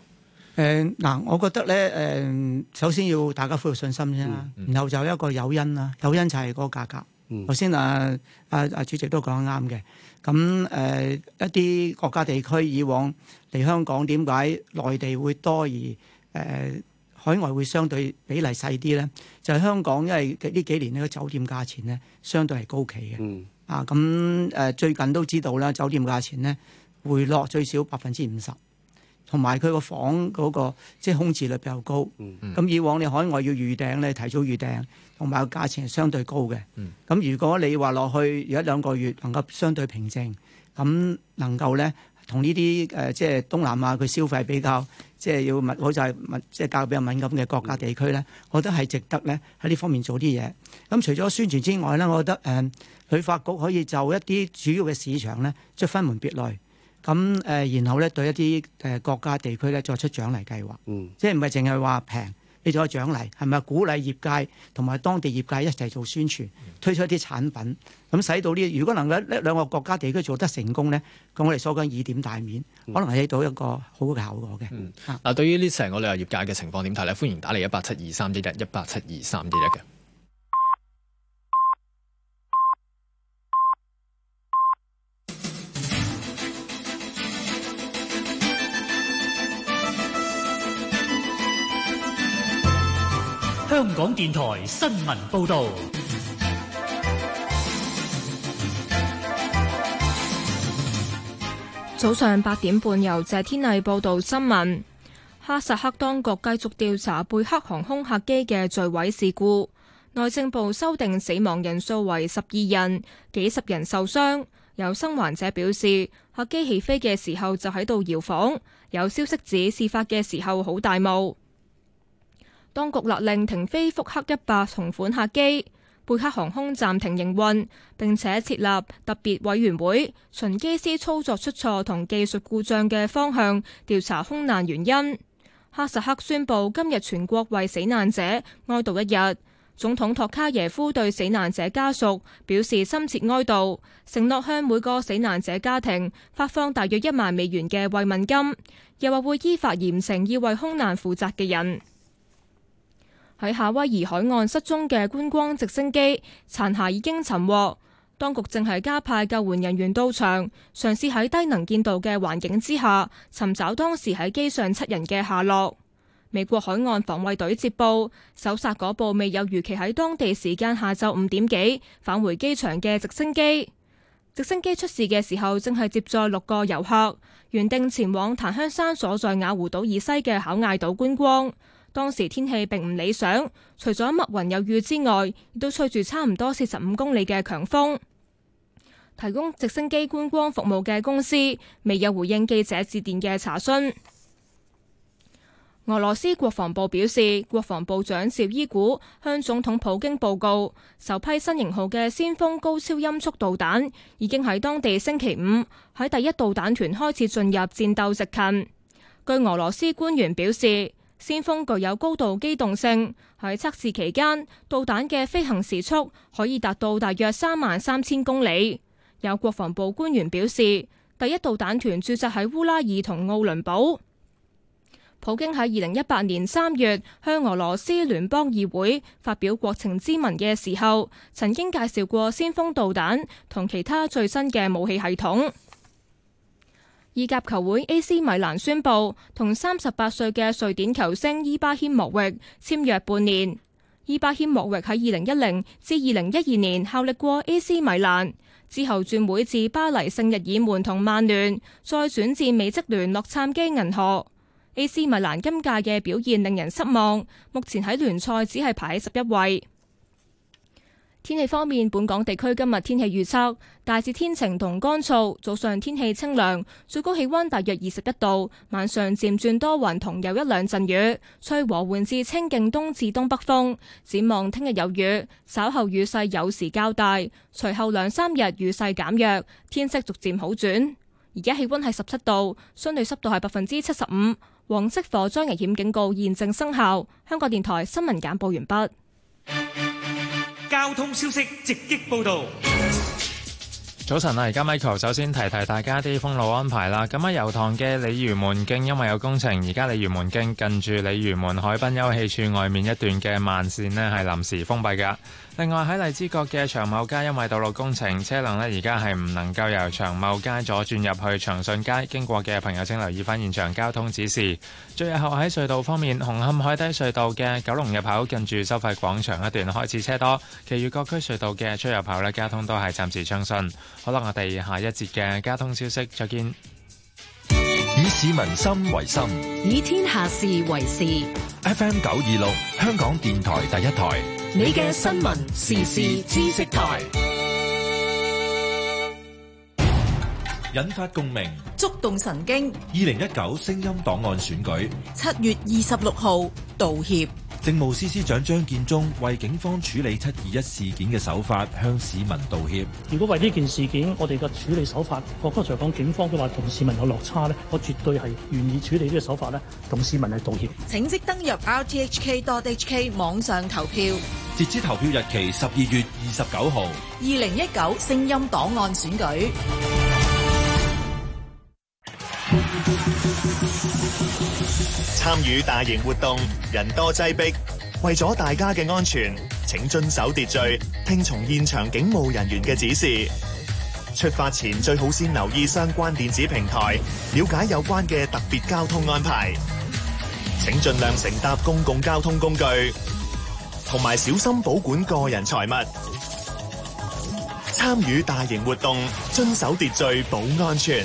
誒嗱，我覺得咧誒、呃，首先要大家恢復信心先啦，嗯嗯、然後就一個誘因啦，誘因就係個價格。頭先、嗯、啊，阿、啊、阿主席都講得啱嘅。咁誒、呃、一啲國家地區以往嚟香港，點解內地會多而誒、呃、海外會相對比例細啲咧？就係、是、香港，因為呢幾年呢個酒店價錢咧，相對係高企嘅。嗯、啊，咁誒、呃、最近都知道啦，酒店價錢咧回落最少百分之五十，同埋佢個房嗰個即係空置率比較高，咁、嗯、以往你海外要預訂咧，提早預訂，同埋個價錢係相對高嘅。咁、嗯、如果你話落去有一兩個月能夠相對平靜，咁能夠咧同呢啲誒即係東南亞佢消費比較即係要物，好就係物即係較比較敏感嘅國家地區咧，我覺得係值得咧喺呢方面做啲嘢。咁除咗宣傳之外咧，我覺得誒旅發局可以就一啲主要嘅市場咧，即分門別類。咁誒、呃，然後咧對一啲誒、呃、國家地區咧作出獎勵計劃，嗯、即係唔係淨係話平，你做獎勵係咪鼓勵業界同埋當地業界一齊做宣傳，嗯、推出一啲產品，咁使到呢？如果能夠一兩個國家地區做得成功咧，咁我哋所講以點帶面，嗯、可能係起到一個好嘅效果嘅。嗱、嗯啊嗯，對於呢成個旅遊業界嘅情況點睇咧？歡迎打嚟一八七二三一一一八七二三一一嘅。香港電台新聞報道，早上八點半由謝天麗報道新聞。哈薩克當局繼續調查貝克航空客機嘅墜毀事故。內政部修訂死亡人數為十二人，幾十人受傷。有生還者表示，客機起飛嘅時候就喺度搖晃。有消息指，事發嘅時候好大霧。當局勒令停飛福克一百同款客機，貝克航空暫停營運，並且設立特別委員會，循機師操作出錯同技術故障嘅方向調查空難原因。哈薩克宣布今日全國為死難者哀悼一日。總統托卡耶夫對死難者家屬表示深切哀悼，承諾向每個死難者家庭發放大約一萬美元嘅慰問金，又話會依法嚴懲要為空難負責嘅人。喺夏威夷海岸失蹤嘅觀光直升機殘骸已經尋獲，當局正係加派救援人員到場，嘗試喺低能見度嘅環境之下尋找當時喺機上七人嘅下落。美國海岸防衛隊接報搜索嗰部未有如期喺當地時間下晝五點幾返回機場嘅直升機。直升機出事嘅時候正係接載六個遊客，原定前往檀香山所在瓦胡島以西嘅考艾島觀光。當時天氣並唔理想，除咗密雲有雨之外，亦都吹住差唔多四十五公里嘅強風。提供直升機觀光服務嘅公司未有回應記者致電嘅查詢。俄羅斯國防部表示，國防部長紹伊古向總統普京報告，首批新型號嘅先鋒高超音速導彈已經喺當地星期五喺第一導彈團開始進入戰鬥直近。據俄羅斯官員表示。先鋒具有高度機動性，喺測試期間，導彈嘅飛行時速可以達到大約三萬三千公里。有國防部官員表示，第一導彈團駐紮喺烏拉爾同奧倫堡。普京喺二零一八年三月向俄羅斯聯邦議會發表國情諮文嘅時候，曾經介紹過先鋒導彈同其他最新嘅武器系統。意甲球會 AC 米蘭宣布同三十八歲嘅瑞典球星伊巴謙莫域簽約半年。伊巴謙莫域喺二零一零至二零一二年效力過 AC 米蘭，之後轉會至巴黎聖日耳門同曼聯，再轉至美職聯洛洛杉磯銀河。AC 米蘭今屆嘅表現令人失望，目前喺聯賽只係排喺十一位。天氣方面，本港地區今日天氣預測大致天晴同乾燥，早上天氣清涼，最高氣溫大約二十一度，晚上漸轉多雲同有一兩陣雨，吹和緩至清勁東至東北風。展望聽日有雨，稍後雨勢有時較大，隨後兩三日雨勢減弱，天色逐漸好轉。而家氣溫係十七度，相對濕度係百分之七十五，黃色火災危險警告現正生效。香港電台新聞簡報完畢。交通消息直擊報道。早晨啊，而家 Michael，首先提提大家啲封路安排啦。咁喺油塘嘅鯉魚門徑因為有工程，而家鯉魚門徑近住鯉魚門海濱休憩處外面一段嘅慢線呢，係臨時封閉噶。另外喺荔枝角嘅長茂街，因為道路工程，車輛呢，而家係唔能夠由長茂街左轉入去長順街。經過嘅朋友，請留意翻現場交通指示。最後喺隧道方面，紅磡海底隧道嘅九龍入口近住收費廣場一段開始車多，其餘各區隧道嘅出入口呢，交通都係暫時暢順。好啦，我哋下一節嘅交通消息再見。以市民心為心，以天下事為事。FM 九二六，香港電台第一台。你嘅新聞時事知識台，引發共鳴，觸動神經。二零一九聲音檔案選舉，七月二十六號道歉。政務司司長張建宗為警方處理七二一事件嘅手法向市民道歉。如果為呢件事件我哋嘅處理手法，我剛才講警方都話同市民有落差咧，我絕對係願意處理呢個手法咧，同市民去道歉。請即登入 rthk.hk 網上投票，截止投票日期十二月二十九號。二零一九聲音檔案選舉。 參與大型活動，人多擠迫，為咗大家嘅安全，請遵守秩序，聽從現場警務人員嘅指示。出發前最好先留意相關電子平台，了解有關嘅特別交通安排。請盡量乘搭公共交通工具，同埋小心保管個人財物。參與大型活動，遵守秩序，保安全。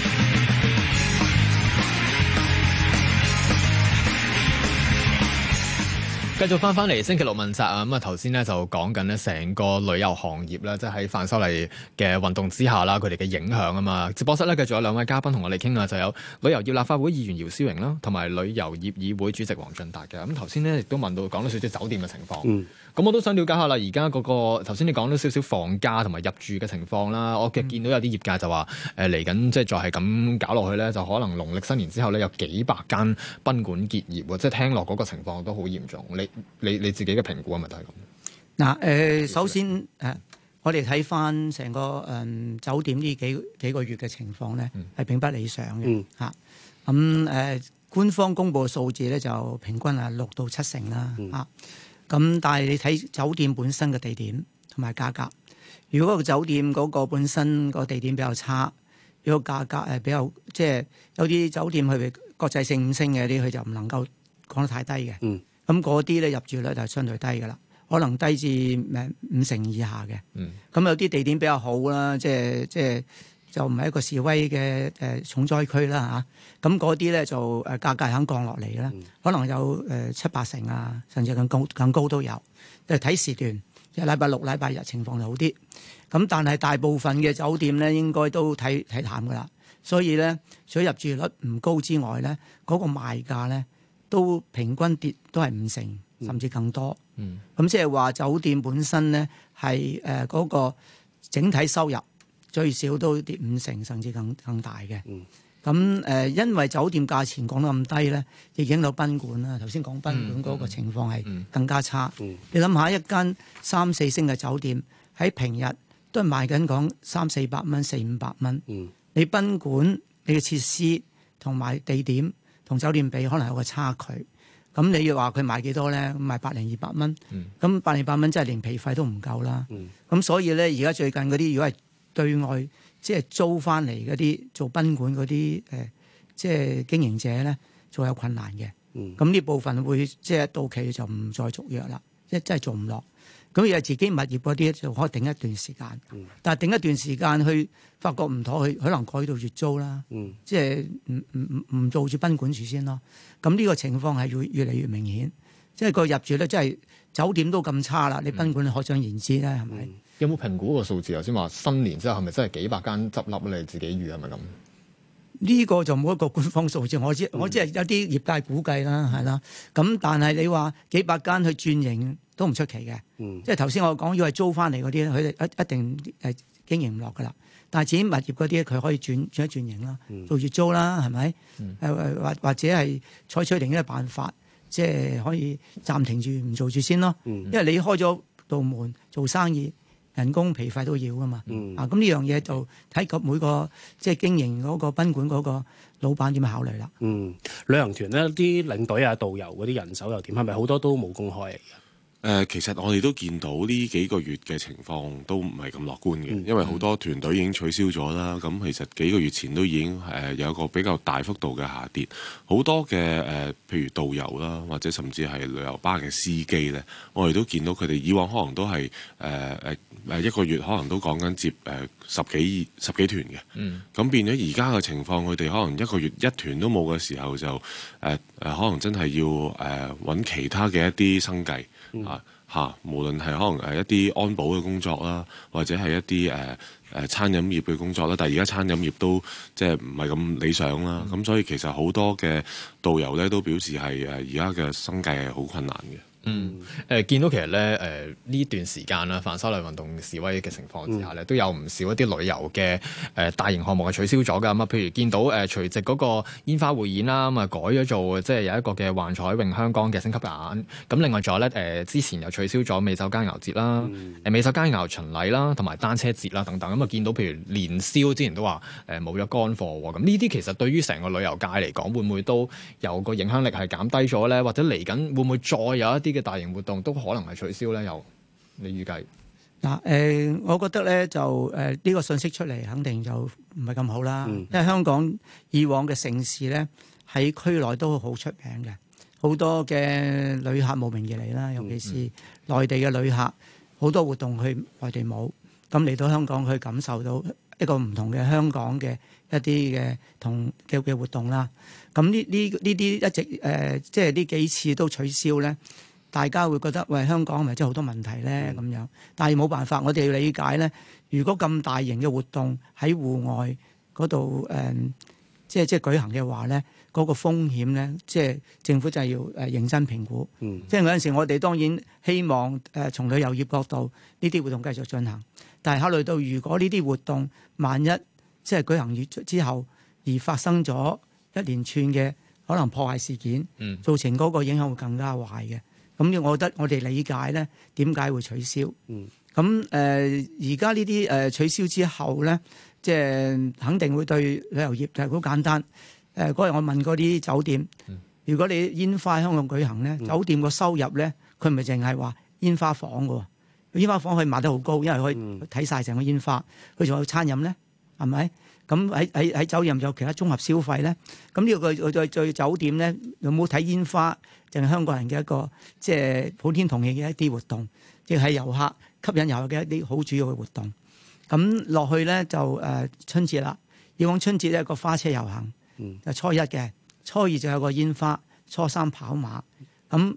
繼續翻返嚟星期六問責啊！咁啊頭先咧就講緊咧成個旅遊行業咧，即係喺反修例嘅運動之下啦，佢哋嘅影響啊嘛！直播室咧繼續有兩位嘉賓同我哋傾啊，就有旅遊業立法會議員姚思榮啦，同埋旅遊業議會主席黃進達嘅。咁頭先咧亦都問到講到少少酒店嘅情況。嗯咁我都想了解下啦，而家嗰個頭先你講到少少房價同埋入住嘅情況啦，我見到有啲業界就話，誒嚟緊即係再係咁搞落去咧，就可能農曆新年之後咧有幾百間賓館結業，即係聽落嗰個情況都好嚴重。你你你自己嘅評估係咪都係咁？嗱，誒，首先誒，嗯、我哋睇翻成個誒、嗯、酒店呢幾幾個月嘅情況咧，係、嗯、並不理想嘅吓。咁誒、嗯嗯呃，官方公布嘅數字咧就平均係六到七成啦，吓、嗯。嗯嗯咁但係你睇酒店本身嘅地點同埋價格，如果個酒店嗰個本身個地點比較差，如果價格係比較即係有啲酒店係國際性五星嘅啲，佢就唔能夠講得太低嘅。嗯，咁嗰啲咧入住率就係相對低㗎啦，可能低至誒五成以下嘅。嗯，咁有啲地點比較好啦，即係即係，就唔係一個示威嘅誒重災區啦嚇，咁嗰啲咧就誒價格肯降落嚟嘅啦，可能有誒七八成啊，甚至更高更高都有，誒睇時段，即係禮拜六禮拜日情況就好啲，咁但係大部分嘅酒店咧應該都睇睇淡㗎啦，所以咧除咗入住率唔高之外咧，嗰個賣價咧都平均跌都係五成甚至更多，咁即係話酒店本身咧係誒嗰個整體收入。最少都跌五成，甚至更更大嘅。咁誒、嗯，嗯嗯、因為酒店價錢講得咁低咧，亦影響到賓館啦。頭先講賓館嗰個情況，係更加差。嗯嗯、你諗下一間三四星嘅酒店喺平日都係賣緊講三四百蚊、四五百蚊、嗯。你賓館你嘅設施同埋地點同酒店比，可能有個差距。咁你要話佢賣幾多咧？賣百零二百蚊。咁、嗯、百零百蚊真係連皮費都唔夠啦。咁、嗯、所以咧，而家最近嗰啲如果係，對外即係租翻嚟嗰啲做賓館嗰啲誒，即係經營者咧，仲有困難嘅。嗯，咁呢部分會即係到期就唔再續約啦，即係真係做唔落。咁而係自己物業嗰啲，就可以頂一段時間。嗯，但係頂一段時間去發覺唔妥，佢可能改到月租啦。嗯，即係唔唔唔唔做住賓館住先咯。咁呢個情況係越越嚟越明顯，即係個入住咧，即係酒店都咁差啦，你賓館可想而知啦，係咪？嗯有冇評估個數字？頭先話新年之後係咪真係幾百間執笠，你自己預係咪咁？呢個就冇一個官方數字，我知、嗯、我知係有啲業界估計啦，係啦。咁但係你話幾百間去轉型都唔出奇嘅。嗯、即係頭先我講要係租翻嚟嗰啲咧，佢哋一一定係經營唔落噶啦。但係自己物業嗰啲，佢可以轉轉一轉型啦，做月租啦，係咪？誒或、嗯、或者係採取另一個辦法，即係可以暫停住唔做住先咯。嗯、因為你開咗道門做生意。人工皮費都要噶嘛？嗯、啊，咁呢樣嘢就睇個每個即係、就是、經營嗰個賓館嗰個老闆點考慮啦。嗯，旅行團咧啲領隊啊、導遊嗰啲人手又點？係咪好多都冇公開嚟嘅？誒，其實我哋都見到呢幾個月嘅情況都唔係咁樂觀嘅，因為好多團隊已經取消咗啦。咁其實幾個月前都已經誒有一個比較大幅度嘅下跌，好多嘅誒，譬如導遊啦，或者甚至係旅遊巴嘅司機呢，我哋都見到佢哋以往可能都係誒誒一個月可能都講緊接誒十幾十幾團嘅。咁變咗而家嘅情況，佢哋可能一個月一團都冇嘅時候就誒誒，可能真係要誒揾其他嘅一啲生計。啊嚇！嗯、無論係可能誒一啲安保嘅工作啦，或者係一啲誒誒餐飲業嘅工作啦，但係而家餐飲業都即係唔係咁理想啦。咁、嗯、所以其實好多嘅導遊咧都表示係誒而家嘅生計係好困難嘅。嗯，誒、呃、見到其實咧，誒、呃、呢段時間啦，反修例運動示威嘅情況之下咧，都有唔少一啲旅遊嘅誒、呃、大型項目係取消咗㗎。咁、嗯、啊，譬如見到誒除夕嗰個煙花匯演啦，咁、嗯、啊改咗做即係有一個嘅幻彩詠香江嘅升級版。咁、嗯、另外仲有咧，誒、呃、之前又取消咗美酒佳肴節啦，誒美酒佳肴巡禮啦，同埋單車節啦等等。咁、嗯、啊、嗯嗯嗯，見到譬如年宵之前都話誒冇咗乾貨喎。咁呢啲其實對於成個旅遊界嚟講會唔會都有個影響力係減低咗咧？或者嚟緊會唔會再有一啲？啲嘅大型活動都可能係取消咧，有你預計嗱？誒，我覺得咧就誒呢個信息出嚟，肯定就唔係咁好啦。因為香港以往嘅盛事咧，喺區內都好出名嘅，好多嘅旅客慕名而嚟啦，尤其是內地嘅旅客，好多活動去外地冇，咁嚟到香港去感受到一個唔同嘅香港嘅一啲嘅同嘅嘅活動啦。咁呢呢呢啲一直誒，即係呢幾次都取消咧。大家會覺得喂，香港咪真係好多問題咧咁樣，嗯、但係冇辦法，我哋要理解咧。如果咁大型嘅活動喺戶外嗰度誒，即係即係舉行嘅話咧，嗰、嗰個風險咧，即係政府就要誒認真評估。嗯、即係嗰陣時，我哋當然希望誒、呃、從旅遊業角度呢啲活動繼續進行，但係考慮到如果呢啲活動萬一即係舉行完之後而發生咗一連串嘅可能破壞事件，嗯、造成嗰個影響會更加壞嘅。咁樣，我覺得我哋理解咧，點解會取消？咁誒、嗯，而家呢啲誒取消之後咧，即係肯定會對旅遊業就係好簡單。誒嗰日我問嗰啲酒店，嗯、如果你煙花香港舉行咧，嗯、酒店個收入咧，佢唔係淨係話煙花房嘅喎，煙花房可以賣得好高，因為可以睇晒成個煙花，佢仲有餐飲咧，係咪？咁喺喺喺酒店有其他綜合消費咧，咁呢個再再再酒店咧有冇睇煙花？就係香港人嘅一個即係、就是、普天同慶嘅一啲活動，亦、就、係、是、遊客吸引遊客嘅一啲好主要嘅活動。咁落去咧就誒、呃、春節啦。以往春節咧個花車遊行，就、嗯、初一嘅，初二就有個煙花，初三跑馬。咁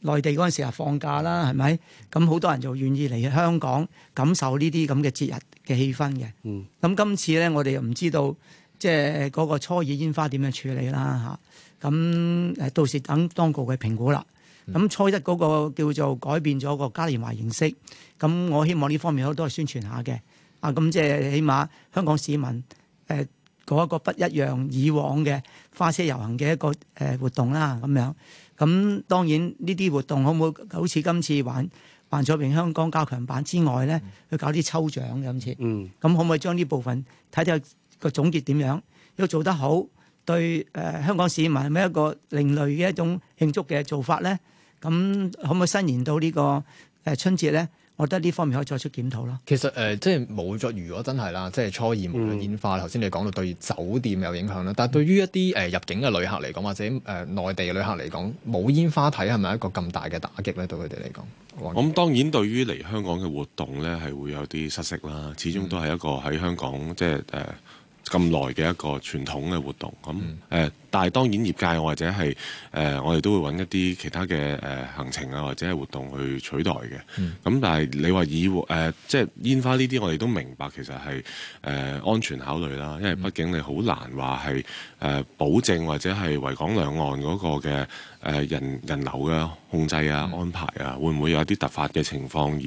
內地嗰陣時又放假啦，係咪？咁好多人就願意嚟香港感受呢啲咁嘅節日嘅氣氛嘅。咁、嗯、今次咧，我哋又唔知道即係嗰個初二煙花點樣處理啦嚇。咁誒，到時等當局嘅評估啦。咁初一嗰個叫做改變咗個嘉年華形式，咁我希望呢方面好都係宣傳下嘅。啊，咁即係起碼香港市民誒，呃、一個不一樣以往嘅花車遊行嘅一個誒、呃、活動啦，咁樣。咁當然呢啲活動可唔可以好似今次玩《幻彩映香港》加強版之外咧，去搞啲抽獎嘅今次。嗯。咁可唔可以將呢部分睇睇個總結點樣？要做得好。對誒，香港市民係咪一個另類嘅一種慶祝嘅做法咧？咁可唔可以伸延到個呢個誒春節咧？我覺得呢方面可以作出檢討咯。其實誒、呃，即係冇咗，如果真係啦，即係初二冇咗煙花，頭先、嗯、你講到對酒店有影響啦。但係對於一啲誒入境嘅旅客嚟講，或者誒、呃、內地嘅旅客嚟講，冇煙花睇係咪一個咁大嘅打擊咧？對佢哋嚟講，咁、嗯、當然，對於嚟香港嘅活動咧，係會有啲失色啦。始終都係一個喺香港即係誒。呃嗯咁耐嘅一個傳統嘅活動，咁誒。嗯哎但係當然，業界或者係誒、呃，我哋都會揾一啲其他嘅誒、呃、行程啊，或者係活動去取代嘅。咁、嗯、但係你話以誒，即、呃、係、就是、煙花呢啲，我哋都明白其實係誒、呃、安全考慮啦。因為畢竟你好難話係誒保證或者係維港兩岸嗰個嘅誒人人流嘅控制啊、嗯、安排啊，會唔會有一啲突發嘅情況而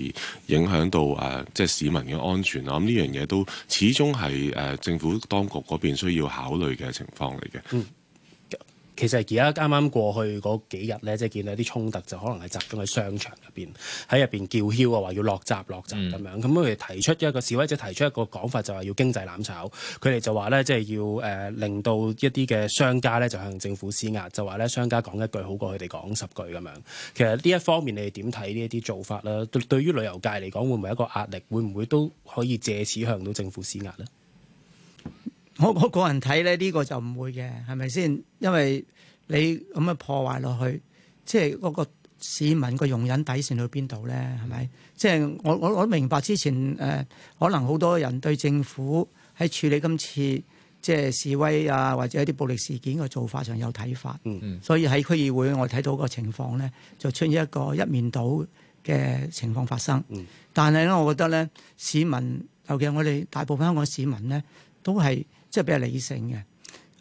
影響到誒即係市民嘅安全啊？我諗、嗯、呢樣嘢都始終係誒、呃、政府當局嗰邊需要考慮嘅情況嚟嘅。嗯其實而家啱啱過去嗰幾日咧，即係見到啲衝突就可能係集中喺商場入邊，喺入邊叫囂啊，話要落閘落閘咁樣。咁佢哋提出一個示威者提出一個講法，就話要經濟攬炒。佢哋就話咧，即係要誒令到一啲嘅商家咧，就向政府施壓，就話咧商家講一句好過佢哋講十句咁樣。其實呢一方面你哋點睇呢一啲做法啦？對對於旅遊界嚟講，會唔會一個壓力？會唔會都可以借此向到政府施壓咧？我我個人睇咧，呢個就唔會嘅，係咪先？因為你咁樣破壞落去，即係嗰個市民個容忍底線去邊度咧？係咪？即係我我我明白之前誒，可能好多人對政府喺處理今次即係示威啊，或者一啲暴力事件嘅做法上有睇法。嗯嗯。嗯所以喺區議會，我睇到個情況咧，就出現一個一面倒嘅情況發生。嗯。但係咧，我覺得咧，市民尤其我哋大部分香港市民咧，都係。即係比較理性嘅，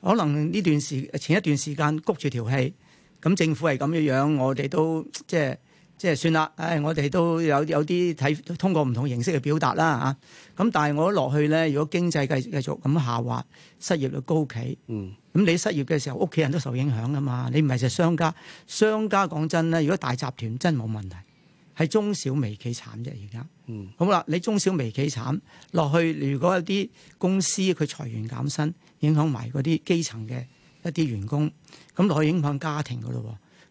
可能呢段時前一段時間谷住條氣，咁政府係咁嘅樣，我哋都即係即係算啦。唉、哎，我哋都有有啲睇通過唔同形式嘅表達啦嚇。咁、啊、但係我落去咧，如果經濟繼繼續咁下滑，失業率高企，嗯，咁你失業嘅時候，屋企人都受影響噶嘛。你唔係就商家，商家講真咧，如果大集團真冇問題。係中小微企慘啫，而家，嗯，咁啦，你中小微企慘落去，如果有啲公司佢裁員減薪，影響埋嗰啲基層嘅一啲員工，咁落去影響家庭噶咯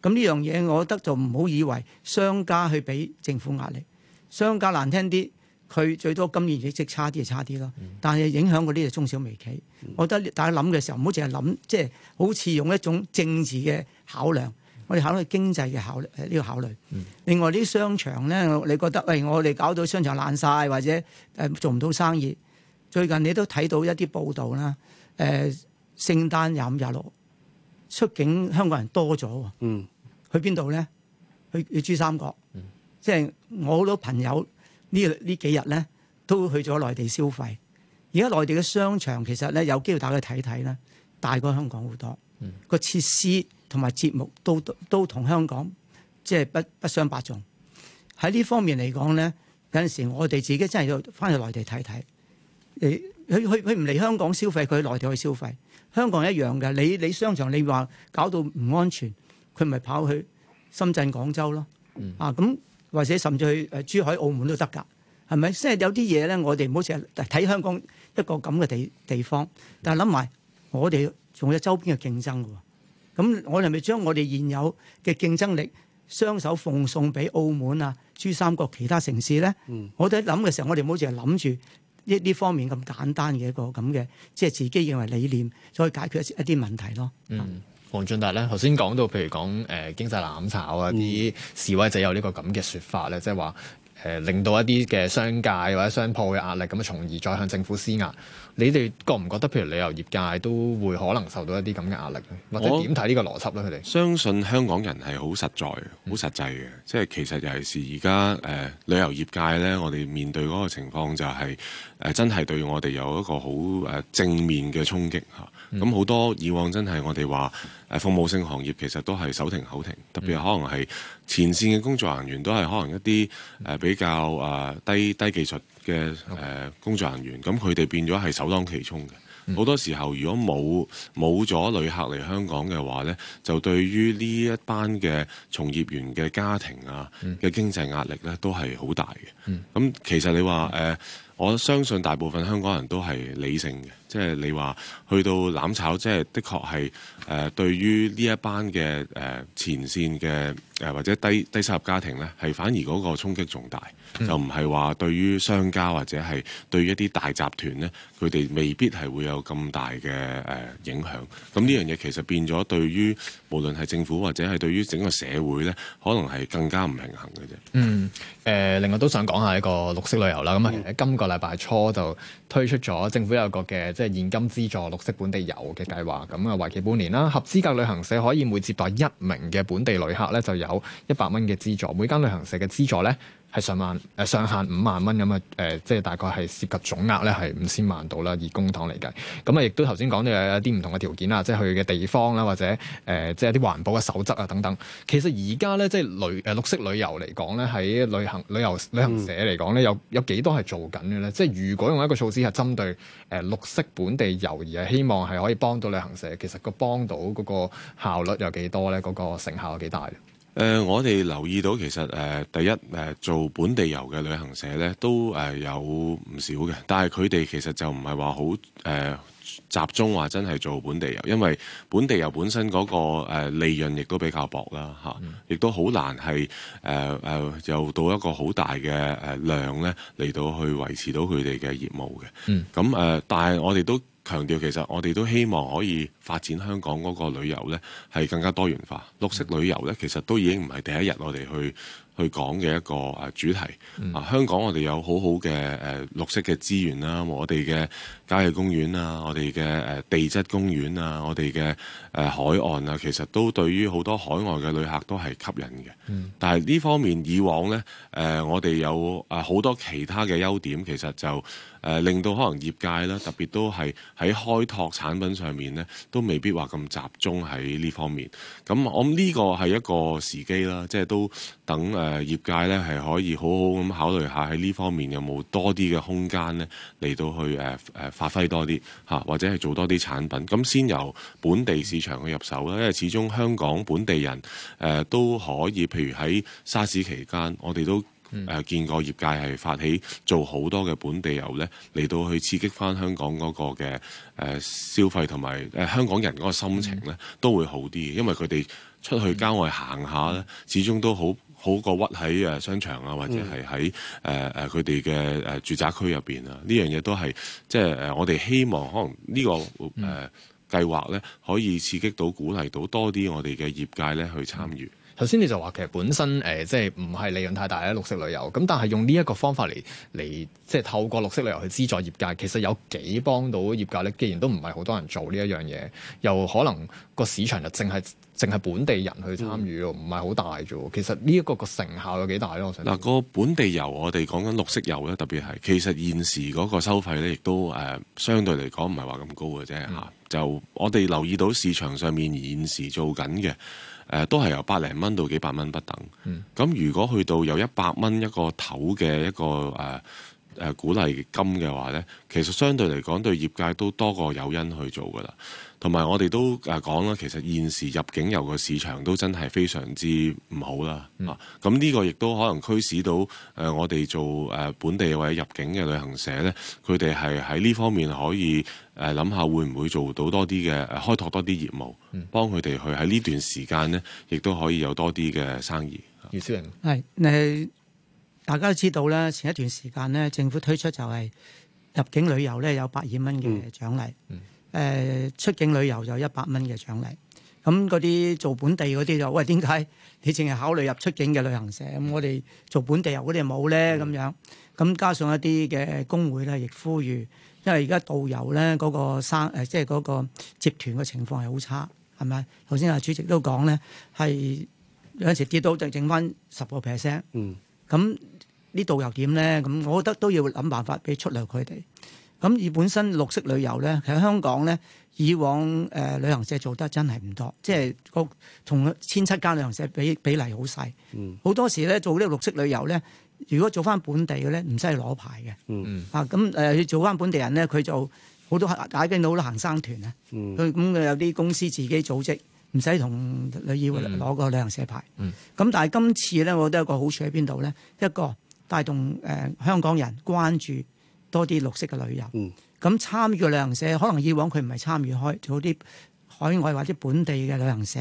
喎，咁呢樣嘢，我覺得就唔好以為商家去俾政府壓力，商家難聽啲，佢最多今年業績差啲就差啲咯，但係影響嗰啲就中小微企，嗯、我覺得大家諗嘅時候唔好淨係諗，即係好似用一種政治嘅考量。我哋考慮經濟嘅考誒呢、呢個考慮。嗯、另外啲商場咧，你覺得喂，我哋搞到商場爛晒，或者誒、呃、做唔到生意。最近你都睇到一啲報道啦。誒、呃、聖誕廿五廿六出境香港人多咗。嗯，去邊度咧？去去珠三角。嗯、即係我好多朋友呢呢幾日咧都去咗內地消費。而家內地嘅商場其實咧有機會大家去睇睇咧，大過香港好多。個、嗯、設施同埋節目都都同香港即係、就是、不不相伯仲，喺呢方面嚟講咧，有陣時我哋自己真係要返去內地睇睇，你佢佢佢唔嚟香港消費，佢去內地去消費，香港一樣嘅。你你商場你話搞到唔安全，佢咪跑去深圳、廣州咯？嗯、啊咁，或者甚至去誒珠海、澳門都得㗎，係咪？即、就、係、是、有啲嘢咧，我哋唔好成日睇香港一個咁嘅地地方，但係諗埋。我哋仲有周邊嘅競爭㗎，咁我哋咪將我哋現有嘅競爭力雙手奉送俾澳門啊、珠三角其他城市咧。嗯、我哋喺諗嘅時候，我哋唔好淨係諗住呢呢方面咁簡單嘅一個咁嘅，即係自己認為，為理念，再以解決一啲問題咯。嗯，黃進達咧，頭先講到，譬如講誒經濟攬炒啊，啲示威者有呢個咁嘅説法咧，即係話。誒令到一啲嘅商界或者商鋪嘅壓力，咁啊，從而再向政府施壓。你哋覺唔覺得？譬如旅遊業界都會可能受到一啲咁嘅壓力，或者點睇呢個邏輯咧？佢哋相信香港人係好實在、好實際嘅，嗯、即係其實尤其是而家誒旅遊業界咧，我哋面對嗰個情況就係、是、誒、呃、真係對我哋有一個好誒、呃、正面嘅衝擊嚇。咁好、嗯、多以往真係我哋話誒服務性行業，其實都係手停口停，特別可能係前線嘅工作人員都係可能一啲誒、呃、比較啊、呃、低低技術嘅誒工作人員，咁佢哋變咗係首當其衝嘅。好多時候，如果冇冇咗旅客嚟香港嘅話咧，就對於呢一班嘅從業員嘅家庭啊嘅、嗯、經濟壓力咧都係好大嘅。咁、嗯嗯、其實你話誒。呃我相信大部分香港人都係理性嘅，即係你話去到攬炒，即係的確係。誒、呃、對於呢一班嘅誒前線嘅誒、呃、或者低低收入家庭呢，係反而嗰個衝擊重大，嗯、就唔係話對於商家或者係對於一啲大集團呢，佢哋未必係會有咁大嘅誒、呃、影響。咁呢樣嘢其實變咗，對於無論係政府或者係對於整個社會呢，可能係更加唔平衡嘅啫。嗯，誒、呃、另外都想講下一個綠色旅遊啦。咁、嗯、啊，嗯、今個禮拜初就推出咗政府有個嘅即係現金資助綠色本地遊嘅計劃，咁啊為期半年。合資格旅行社可以每接待一名嘅本地旅客咧，就有一百蚊嘅資助。每間旅行社嘅資助咧。係上萬誒、呃、上限五萬蚊咁啊誒，即係大概係涉及總額咧係五千萬到啦，以公帑嚟計。咁啊，亦都頭先講到有一啲唔同嘅條件啦，即係去嘅地方啦，或者誒、呃，即係一啲環保嘅守則啊等等。其實而家咧，即係旅誒綠色旅遊嚟講咧，喺旅行旅遊旅行社嚟講咧，有有幾多係做緊嘅咧？嗯、即係如果用一個措施係針對誒、呃、綠色本地遊而係希望係可以幫到旅行社，其實個幫到嗰個效率有幾多咧？嗰、嗰個成效有幾大？嗰個誒、呃，我哋留意到其實誒、呃，第一誒、呃、做本地遊嘅旅行社咧，都誒有唔少嘅，但係佢哋其實就唔係話好誒集中話真係做本地遊，因為本地遊本身嗰個誒利潤亦都比較薄啦嚇，亦、啊、都好難係誒誒有到一個好大嘅誒量咧嚟到去維持到佢哋嘅業務嘅。嗯，咁誒、呃，但係我哋都強調其實我哋都希望可以發展香港嗰個旅遊呢係更加多元化。嗯、綠色旅遊呢，其實都已經唔係第一日我哋去去講嘅一個誒主題。嗯、啊，香港我哋有好好嘅誒綠色嘅資源啦，我哋嘅。郊野公園啊，我哋嘅誒地質公園啊，我哋嘅誒海岸啊，其實都對於好多海外嘅旅客都係吸引嘅。嗯、但係呢方面以往呢，誒、呃、我哋有誒好多其他嘅優點，其實就誒、呃、令到可能業界啦，特別都係喺開拓產品上面呢，都未必話咁集中喺呢方面。咁我諗呢個係一個時機啦，即、就、係、是、都等誒、呃、業界呢，係可以好好咁考慮下喺呢方面有冇多啲嘅空間呢，嚟到去誒誒。呃呃呃發揮多啲吓，或者係做多啲產品咁，先由本地市場去入手啦。因為始終香港本地人誒、呃、都可以，譬如喺沙士期間，我哋都誒、嗯呃、見過業界係發起做好多嘅本地遊，咧，嚟到去刺激翻香港嗰個嘅誒、呃、消費同埋誒香港人嗰個心情咧，都會好啲。因為佢哋出去郊外行下咧，始終都好。好過屈喺誒商場啊，或者係喺誒誒佢哋嘅誒住宅區入邊啊，呢樣嘢都係即係誒我哋希望可能呢個誒、呃、計劃咧，可以刺激到、鼓勵到多啲我哋嘅業界咧去參與。嗯首先你就話其實本身誒、呃、即係唔係利潤太大咧綠色旅遊，咁但係用呢一個方法嚟嚟即係透過綠色旅遊去資助業界，其實有幾幫到業界咧？既然都唔係好多人做呢一樣嘢，又可能個市場就淨係淨係本地人去參與，唔係好大啫。其實呢、這、一個個成效有幾大咧？嗱個本地遊，我哋講緊綠色遊咧，特別係其實現時嗰個收費咧，亦都誒、呃、相對嚟講唔係話咁高嘅啫吓。嗯、就我哋留意到市場上面現時做緊嘅。誒都係由百零蚊到幾百蚊不等，咁、嗯、如果去到有一百蚊一個頭嘅一個誒誒、呃呃、鼓勵金嘅話呢，其實相對嚟講對業界都多過有因去做㗎喇。同埋我哋都誒講啦，其實現時入境遊嘅市場都真係非常之唔好啦。嗯、啊，咁呢個亦都可能驅使到誒、呃、我哋做誒本地或者入境嘅旅行社呢佢哋係喺呢方面可以誒諗下會唔會做到多啲嘅開拓多啲業務，嗯、幫佢哋去喺呢段時間呢亦都可以有多啲嘅生意。姚思榮，係、啊呃、大家都知道啦，前一段時間呢，政府推出就係入境旅遊呢有百二蚊嘅獎勵。嗯嗯誒、呃、出境旅遊就一百蚊嘅獎勵，咁嗰啲做本地嗰啲就，喂，點解你淨係考慮入出境嘅旅行社？咁我哋做本地遊嗰啲冇咧咁樣，咁加上一啲嘅工會咧，亦呼籲，因為而家導遊咧嗰、嗰個生誒、呃、即係嗰個接團嘅情況係好差，係咪？頭先阿主席都講咧，係有陣時跌到就剩翻十個 percent，嗯，咁呢導遊點咧？咁我覺得都要諗辦法俾出糧佢哋。咁而本身綠色旅遊咧，喺香港咧，以往誒旅行社做得真係唔多，即係個同千七間旅行社比，比例好細。好、嗯、多時咧做呢啲綠色旅遊咧，如果做翻本地嘅咧，唔使攞牌嘅。啊，咁誒要做翻本地人咧，佢就好多打緊到好多行山團咧。佢咁、嗯、有啲公司自己組織，唔使同旅議會攞個旅行社牌。咁、嗯嗯、但係今次咧，我覺得有個好處喺邊度咧？一個帶動誒香港人關注。多啲綠色嘅旅遊，咁、嗯、參與嘅旅行社可能以往佢唔係參與開，做啲海外或者本地嘅旅行社，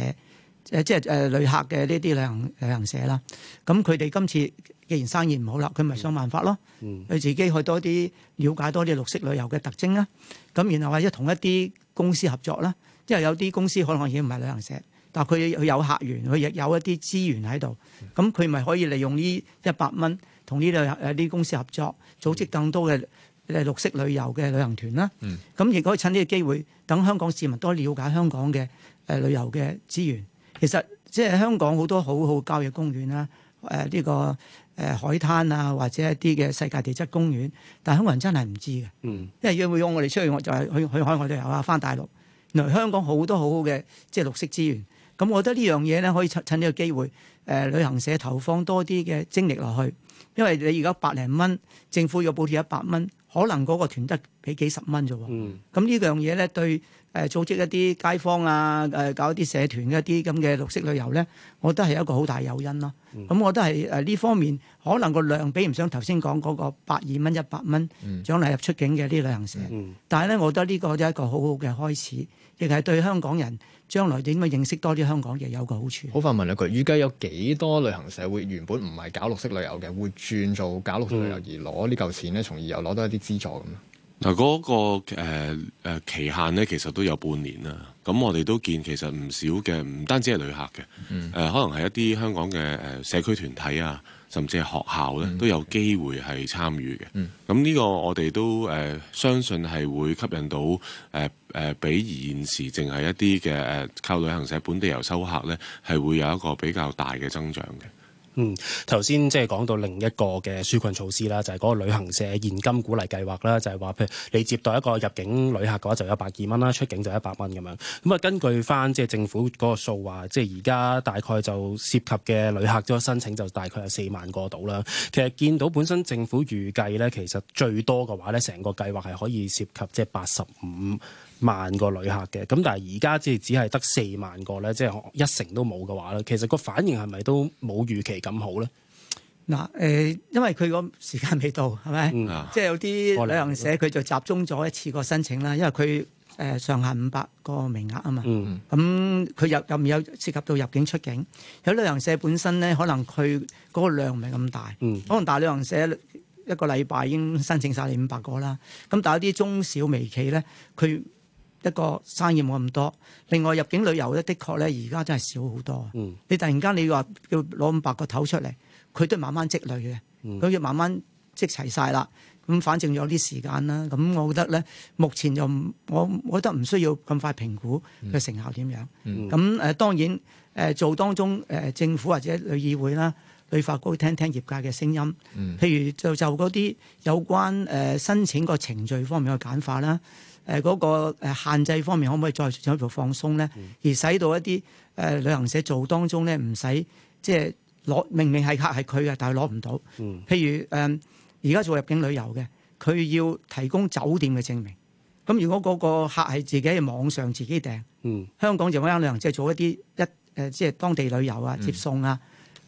誒即係誒旅客嘅呢啲旅行旅行社啦。咁佢哋今次既然生意唔好啦，佢咪想辦法咯，佢、嗯、自己去多啲了解多啲綠色旅遊嘅特徵啦。咁然後或者同一啲公司合作啦，因為有啲公司可能已經唔係旅行社，但係佢佢有客源，佢亦有一啲資源喺度，咁佢咪可以利用呢一百蚊。同呢度有啲公司合作，組織更多嘅綠色旅遊嘅旅行團啦。咁亦、嗯、可以趁呢個機會，等香港市民多了解香港嘅誒、呃、旅遊嘅資源。其實即係香港好多好好郊野公園啦，誒、呃、呢、呢個誒、呃、海灘啊，或者一啲嘅世界地質公園，但係香港人真係唔知嘅，嗯、因為要要用我哋出去，我就係去去海外旅遊啊，返大陸。原來香港好多好好嘅即係綠色資源，咁、嗯、我覺得呢樣嘢咧可以趁趁呢個機會，誒、呃、旅行社投放多啲嘅精力落去。因為你而家百零蚊，政府要補貼一百蚊，可能嗰個團得俾幾十蚊啫。咁呢樣嘢咧，對誒組織一啲街坊啊，誒搞一啲社團一啲咁嘅綠色旅遊咧，我覺得係一個好大誘因咯。咁我覺得係誒呢方面可能個量比唔上頭先講嗰個百二蚊一百蚊獎勵入出境嘅啲旅行社，但係咧，我覺得呢個都係一個好好嘅開始，亦係對香港人。將來應該認識多啲香港嘅有個好處。好快問一句，依家有幾多旅行社會原本唔係搞綠色旅遊嘅，會轉做搞綠色旅遊而攞呢嚿錢咧，從而又攞多一啲資助咁？嗱，嗰、那個誒、呃、期限咧，其實都有半年啦。咁我哋都見其實唔少嘅，唔單止係旅客嘅，誒、嗯呃、可能係一啲香港嘅誒社區團體啊，甚至係學校咧都有機會係參與嘅。咁呢、嗯嗯、個我哋都誒、呃、相信係會吸引到誒。呃誒比現時淨係一啲嘅誒靠旅行社本地遊收客咧，係會有一個比較大嘅增長嘅。嗯，頭先即係講到另一個嘅紓困措施啦，就係、是、嗰個旅行社現金鼓勵計劃啦，就係話，譬如你接待一個入境旅客嘅話，就一百二蚊啦，出境就一百蚊咁樣。咁啊，根據返即係政府嗰個數話，即係而家大概就涉及嘅旅客嘅申請就大概係四萬個度啦。其實見到本身政府預計咧，其實最多嘅話咧，成個計劃係可以涉及即係八十五萬個旅客嘅，咁但係而家即係只係得四萬個咧，即係一成都冇嘅話咧，其實個反應係咪都冇預期咁好咧？嗱，誒，因為佢個時間未到，係咪？嗯啊、即係有啲旅行社佢就集中咗一次個申請啦，因為佢誒上限五百個名額啊嘛。嗯。咁佢入入有涉及到入境出境，有旅行社本身咧，可能佢嗰個量唔係咁大。嗯、可能大旅行社一個禮拜已經申請晒你五百個啦。咁但係啲中小微企咧，佢一個生意冇咁多，另外入境旅遊咧，的確咧而家真係少好多。嗯、你突然間你話要攞五百個頭出嚟，佢都慢慢積累嘅，佢、嗯、要慢慢積齊晒啦。咁反正有啲時間啦。咁我覺得咧，目前就我覺得唔需要咁快評估嘅成效點樣。咁誒、嗯嗯、當然誒、呃、做當中誒、呃、政府或者旅議會啦、旅發局聽聽業界嘅聲音，嗯、譬如就就嗰啲有關誒、呃、申請個程序方面嘅簡化啦。誒嗰、呃那個限制方面可唔可以再進一步放鬆咧？嗯、而使到一啲誒、呃、旅行社做當中咧，唔使即係攞明明係客係佢嘅，但係攞唔到。嗯、譬如誒，而、呃、家做入境旅遊嘅，佢要提供酒店嘅證明。咁如果嗰個客係自己喺網上自己訂，嗯、香港就揾旅行社做一啲一誒、呃，即係當地旅遊啊、接送啊，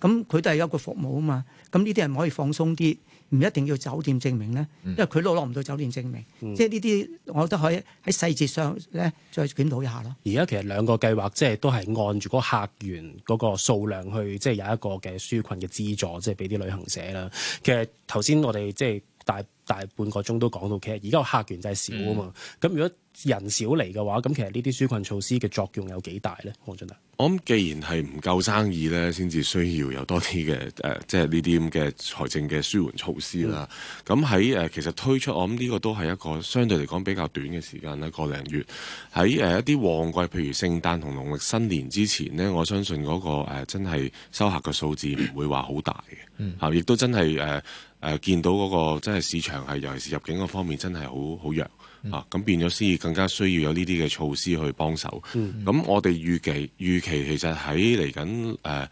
咁佢都係一個服務啊嘛。咁呢啲人唔可以放鬆啲？唔一定要酒店證明咧，嗯、因為佢攞攞唔到酒店證明，嗯、即係呢啲我覺得可以喺細節上咧再檢討一下咯。而家其實兩個計劃即係都係按住個客源嗰個數量去，即係有一個嘅紓困嘅資助，即係俾啲旅行社啦。其實頭先我哋即係。大大半個鐘都講到其實，而家個客源就係少啊嘛。咁、嗯、如果人少嚟嘅話，咁其實呢啲紓困措施嘅作用有幾大咧？黃進達，我諗既然係唔夠生意咧，先至需要有多啲嘅誒，即係呢啲咁嘅財政嘅舒緩措施啦。咁喺誒，其實推出我諗呢個都係一個相對嚟講比較短嘅時間啦，個零月喺誒一啲旺季，譬如聖誕同農曆新年之前咧，我相信嗰個真係收客嘅數字唔會話好大嘅嚇，亦都、嗯嗯、真係誒。呃誒、呃、見到嗰、嗰個真係市場係，尤其是入境嗰方面，真係好好弱、mm hmm. 啊！咁變咗，先至更加需要有呢啲嘅措施去幫手。咁、mm hmm. 我哋預期預期，預期其實喺嚟緊誒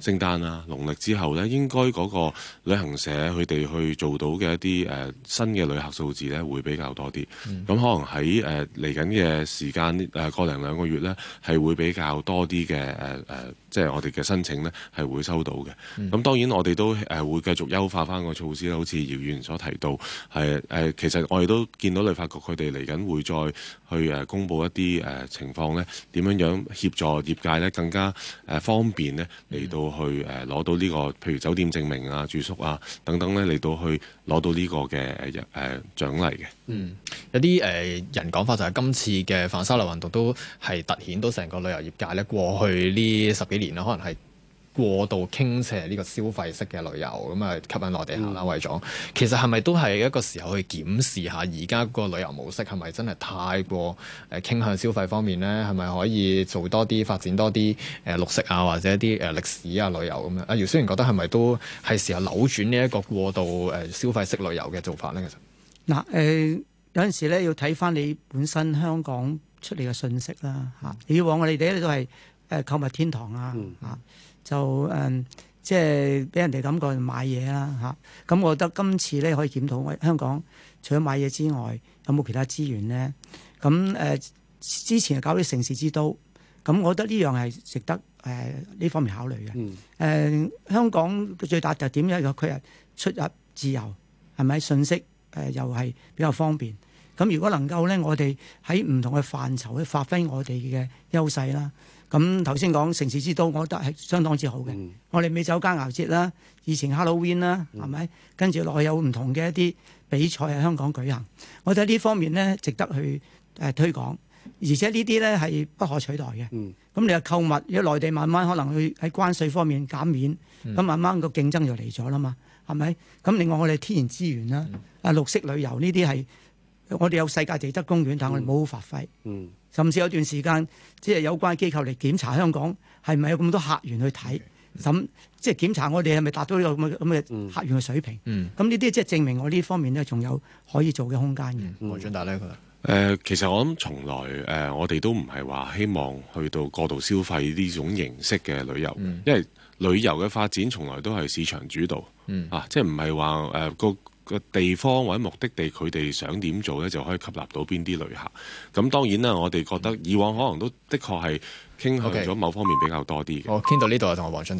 聖誕啊、農曆之後呢，應該嗰個旅行社佢哋去做到嘅一啲誒、呃、新嘅旅客數字呢會比較多啲。咁、mm hmm. 可能喺誒嚟緊嘅時間誒、呃、過零兩個月呢，係會比較多啲嘅誒誒。呃呃呃即係我哋嘅申請咧，係會收到嘅。咁、嗯、當然我哋都誒會繼續優化翻個措施啦。好似姚議員所提到，係誒其實我哋都見到旅發局佢哋嚟緊會再去誒公布一啲誒情況咧，點樣樣協助業界咧更加誒方便咧嚟到去誒攞到呢、呢個、嗯、譬如酒店證明啊、住宿啊等等咧嚟到去攞到呢個嘅誒誒獎勵嘅。嗯，有啲誒人講法就係今次嘅反沙龍運動都係凸顯到成個旅遊業界咧過去呢十幾。可能係過度傾斜呢個消費式嘅旅遊，咁啊吸引內地客啦。為咗、嗯、其實係咪都係一個時候去檢視下，而家個旅遊模式係咪真係太過誒傾向消費方面呢？係咪可以做多啲發展多啲誒綠色啊，或者一啲誒歷史啊旅遊咁、啊、樣？阿、啊、姚，雖然覺得係咪都係時候扭轉呢一個過度誒、呃、消費式旅遊嘅做法呢？其實嗱誒，有陣時咧要睇翻你本身香港出嚟嘅訊息啦嚇。嗯、以往我哋第一都係，誒購物天堂啊，嚇、嗯啊、就誒、嗯、即係俾人哋感覺買嘢啦嚇。咁、啊、我覺得今次咧可以檢討，喂香港除咗買嘢之外，有冇其他資源咧？咁誒、呃、之前係搞啲城市之都，咁我覺得呢樣係值得誒呢、呃、方面考慮嘅。誒、嗯啊、香港最大特點咧？個佢係出入自由係咪？信息誒、呃、又係比較方便。咁如果能夠咧，我哋喺唔同嘅範疇去發揮我哋嘅優勢啦。咁頭先講城市之都，我覺得係相當之好嘅。嗯、我哋美酒佳肴節啦，以前 Halloween 啦，係咪、嗯？跟住落去有唔同嘅一啲比賽喺香港舉行，我覺得呢方面咧值得去誒推廣，而且呢啲咧係不可取代嘅。咁、嗯、你話購物，如果內地慢慢可能去喺關稅方面減免，咁、嗯、慢慢個競爭就嚟咗啦嘛，係咪？咁另外我哋天然資源啦，啊、嗯、綠色旅遊呢啲係。我哋有世界地質公園，但係我哋冇好發揮，嗯、甚至有段時間即係有關機構嚟檢查香港係咪有咁多客源去睇，咁、嗯、即係檢查我哋係咪達到呢個咁嘅咁嘅客源嘅水平。咁呢啲即係證明我呢方面咧，仲有可以做嘅空間嘅。黃進達咧佢。誒、嗯，嗯、其實我諗從來誒、呃，我哋都唔係話希望去到過度消費呢種形式嘅旅遊，嗯、因為旅遊嘅發展從來都係市場主導，嗯、啊，即係唔係話。誒、呃、個。個地方或者目的地，佢哋想點做咧，就可以吸納到邊啲旅客。咁當然啦，我哋覺得以往可能都的確係傾向咗某方面比較多啲嘅。好，okay，傾到呢度啊，同我黃進達。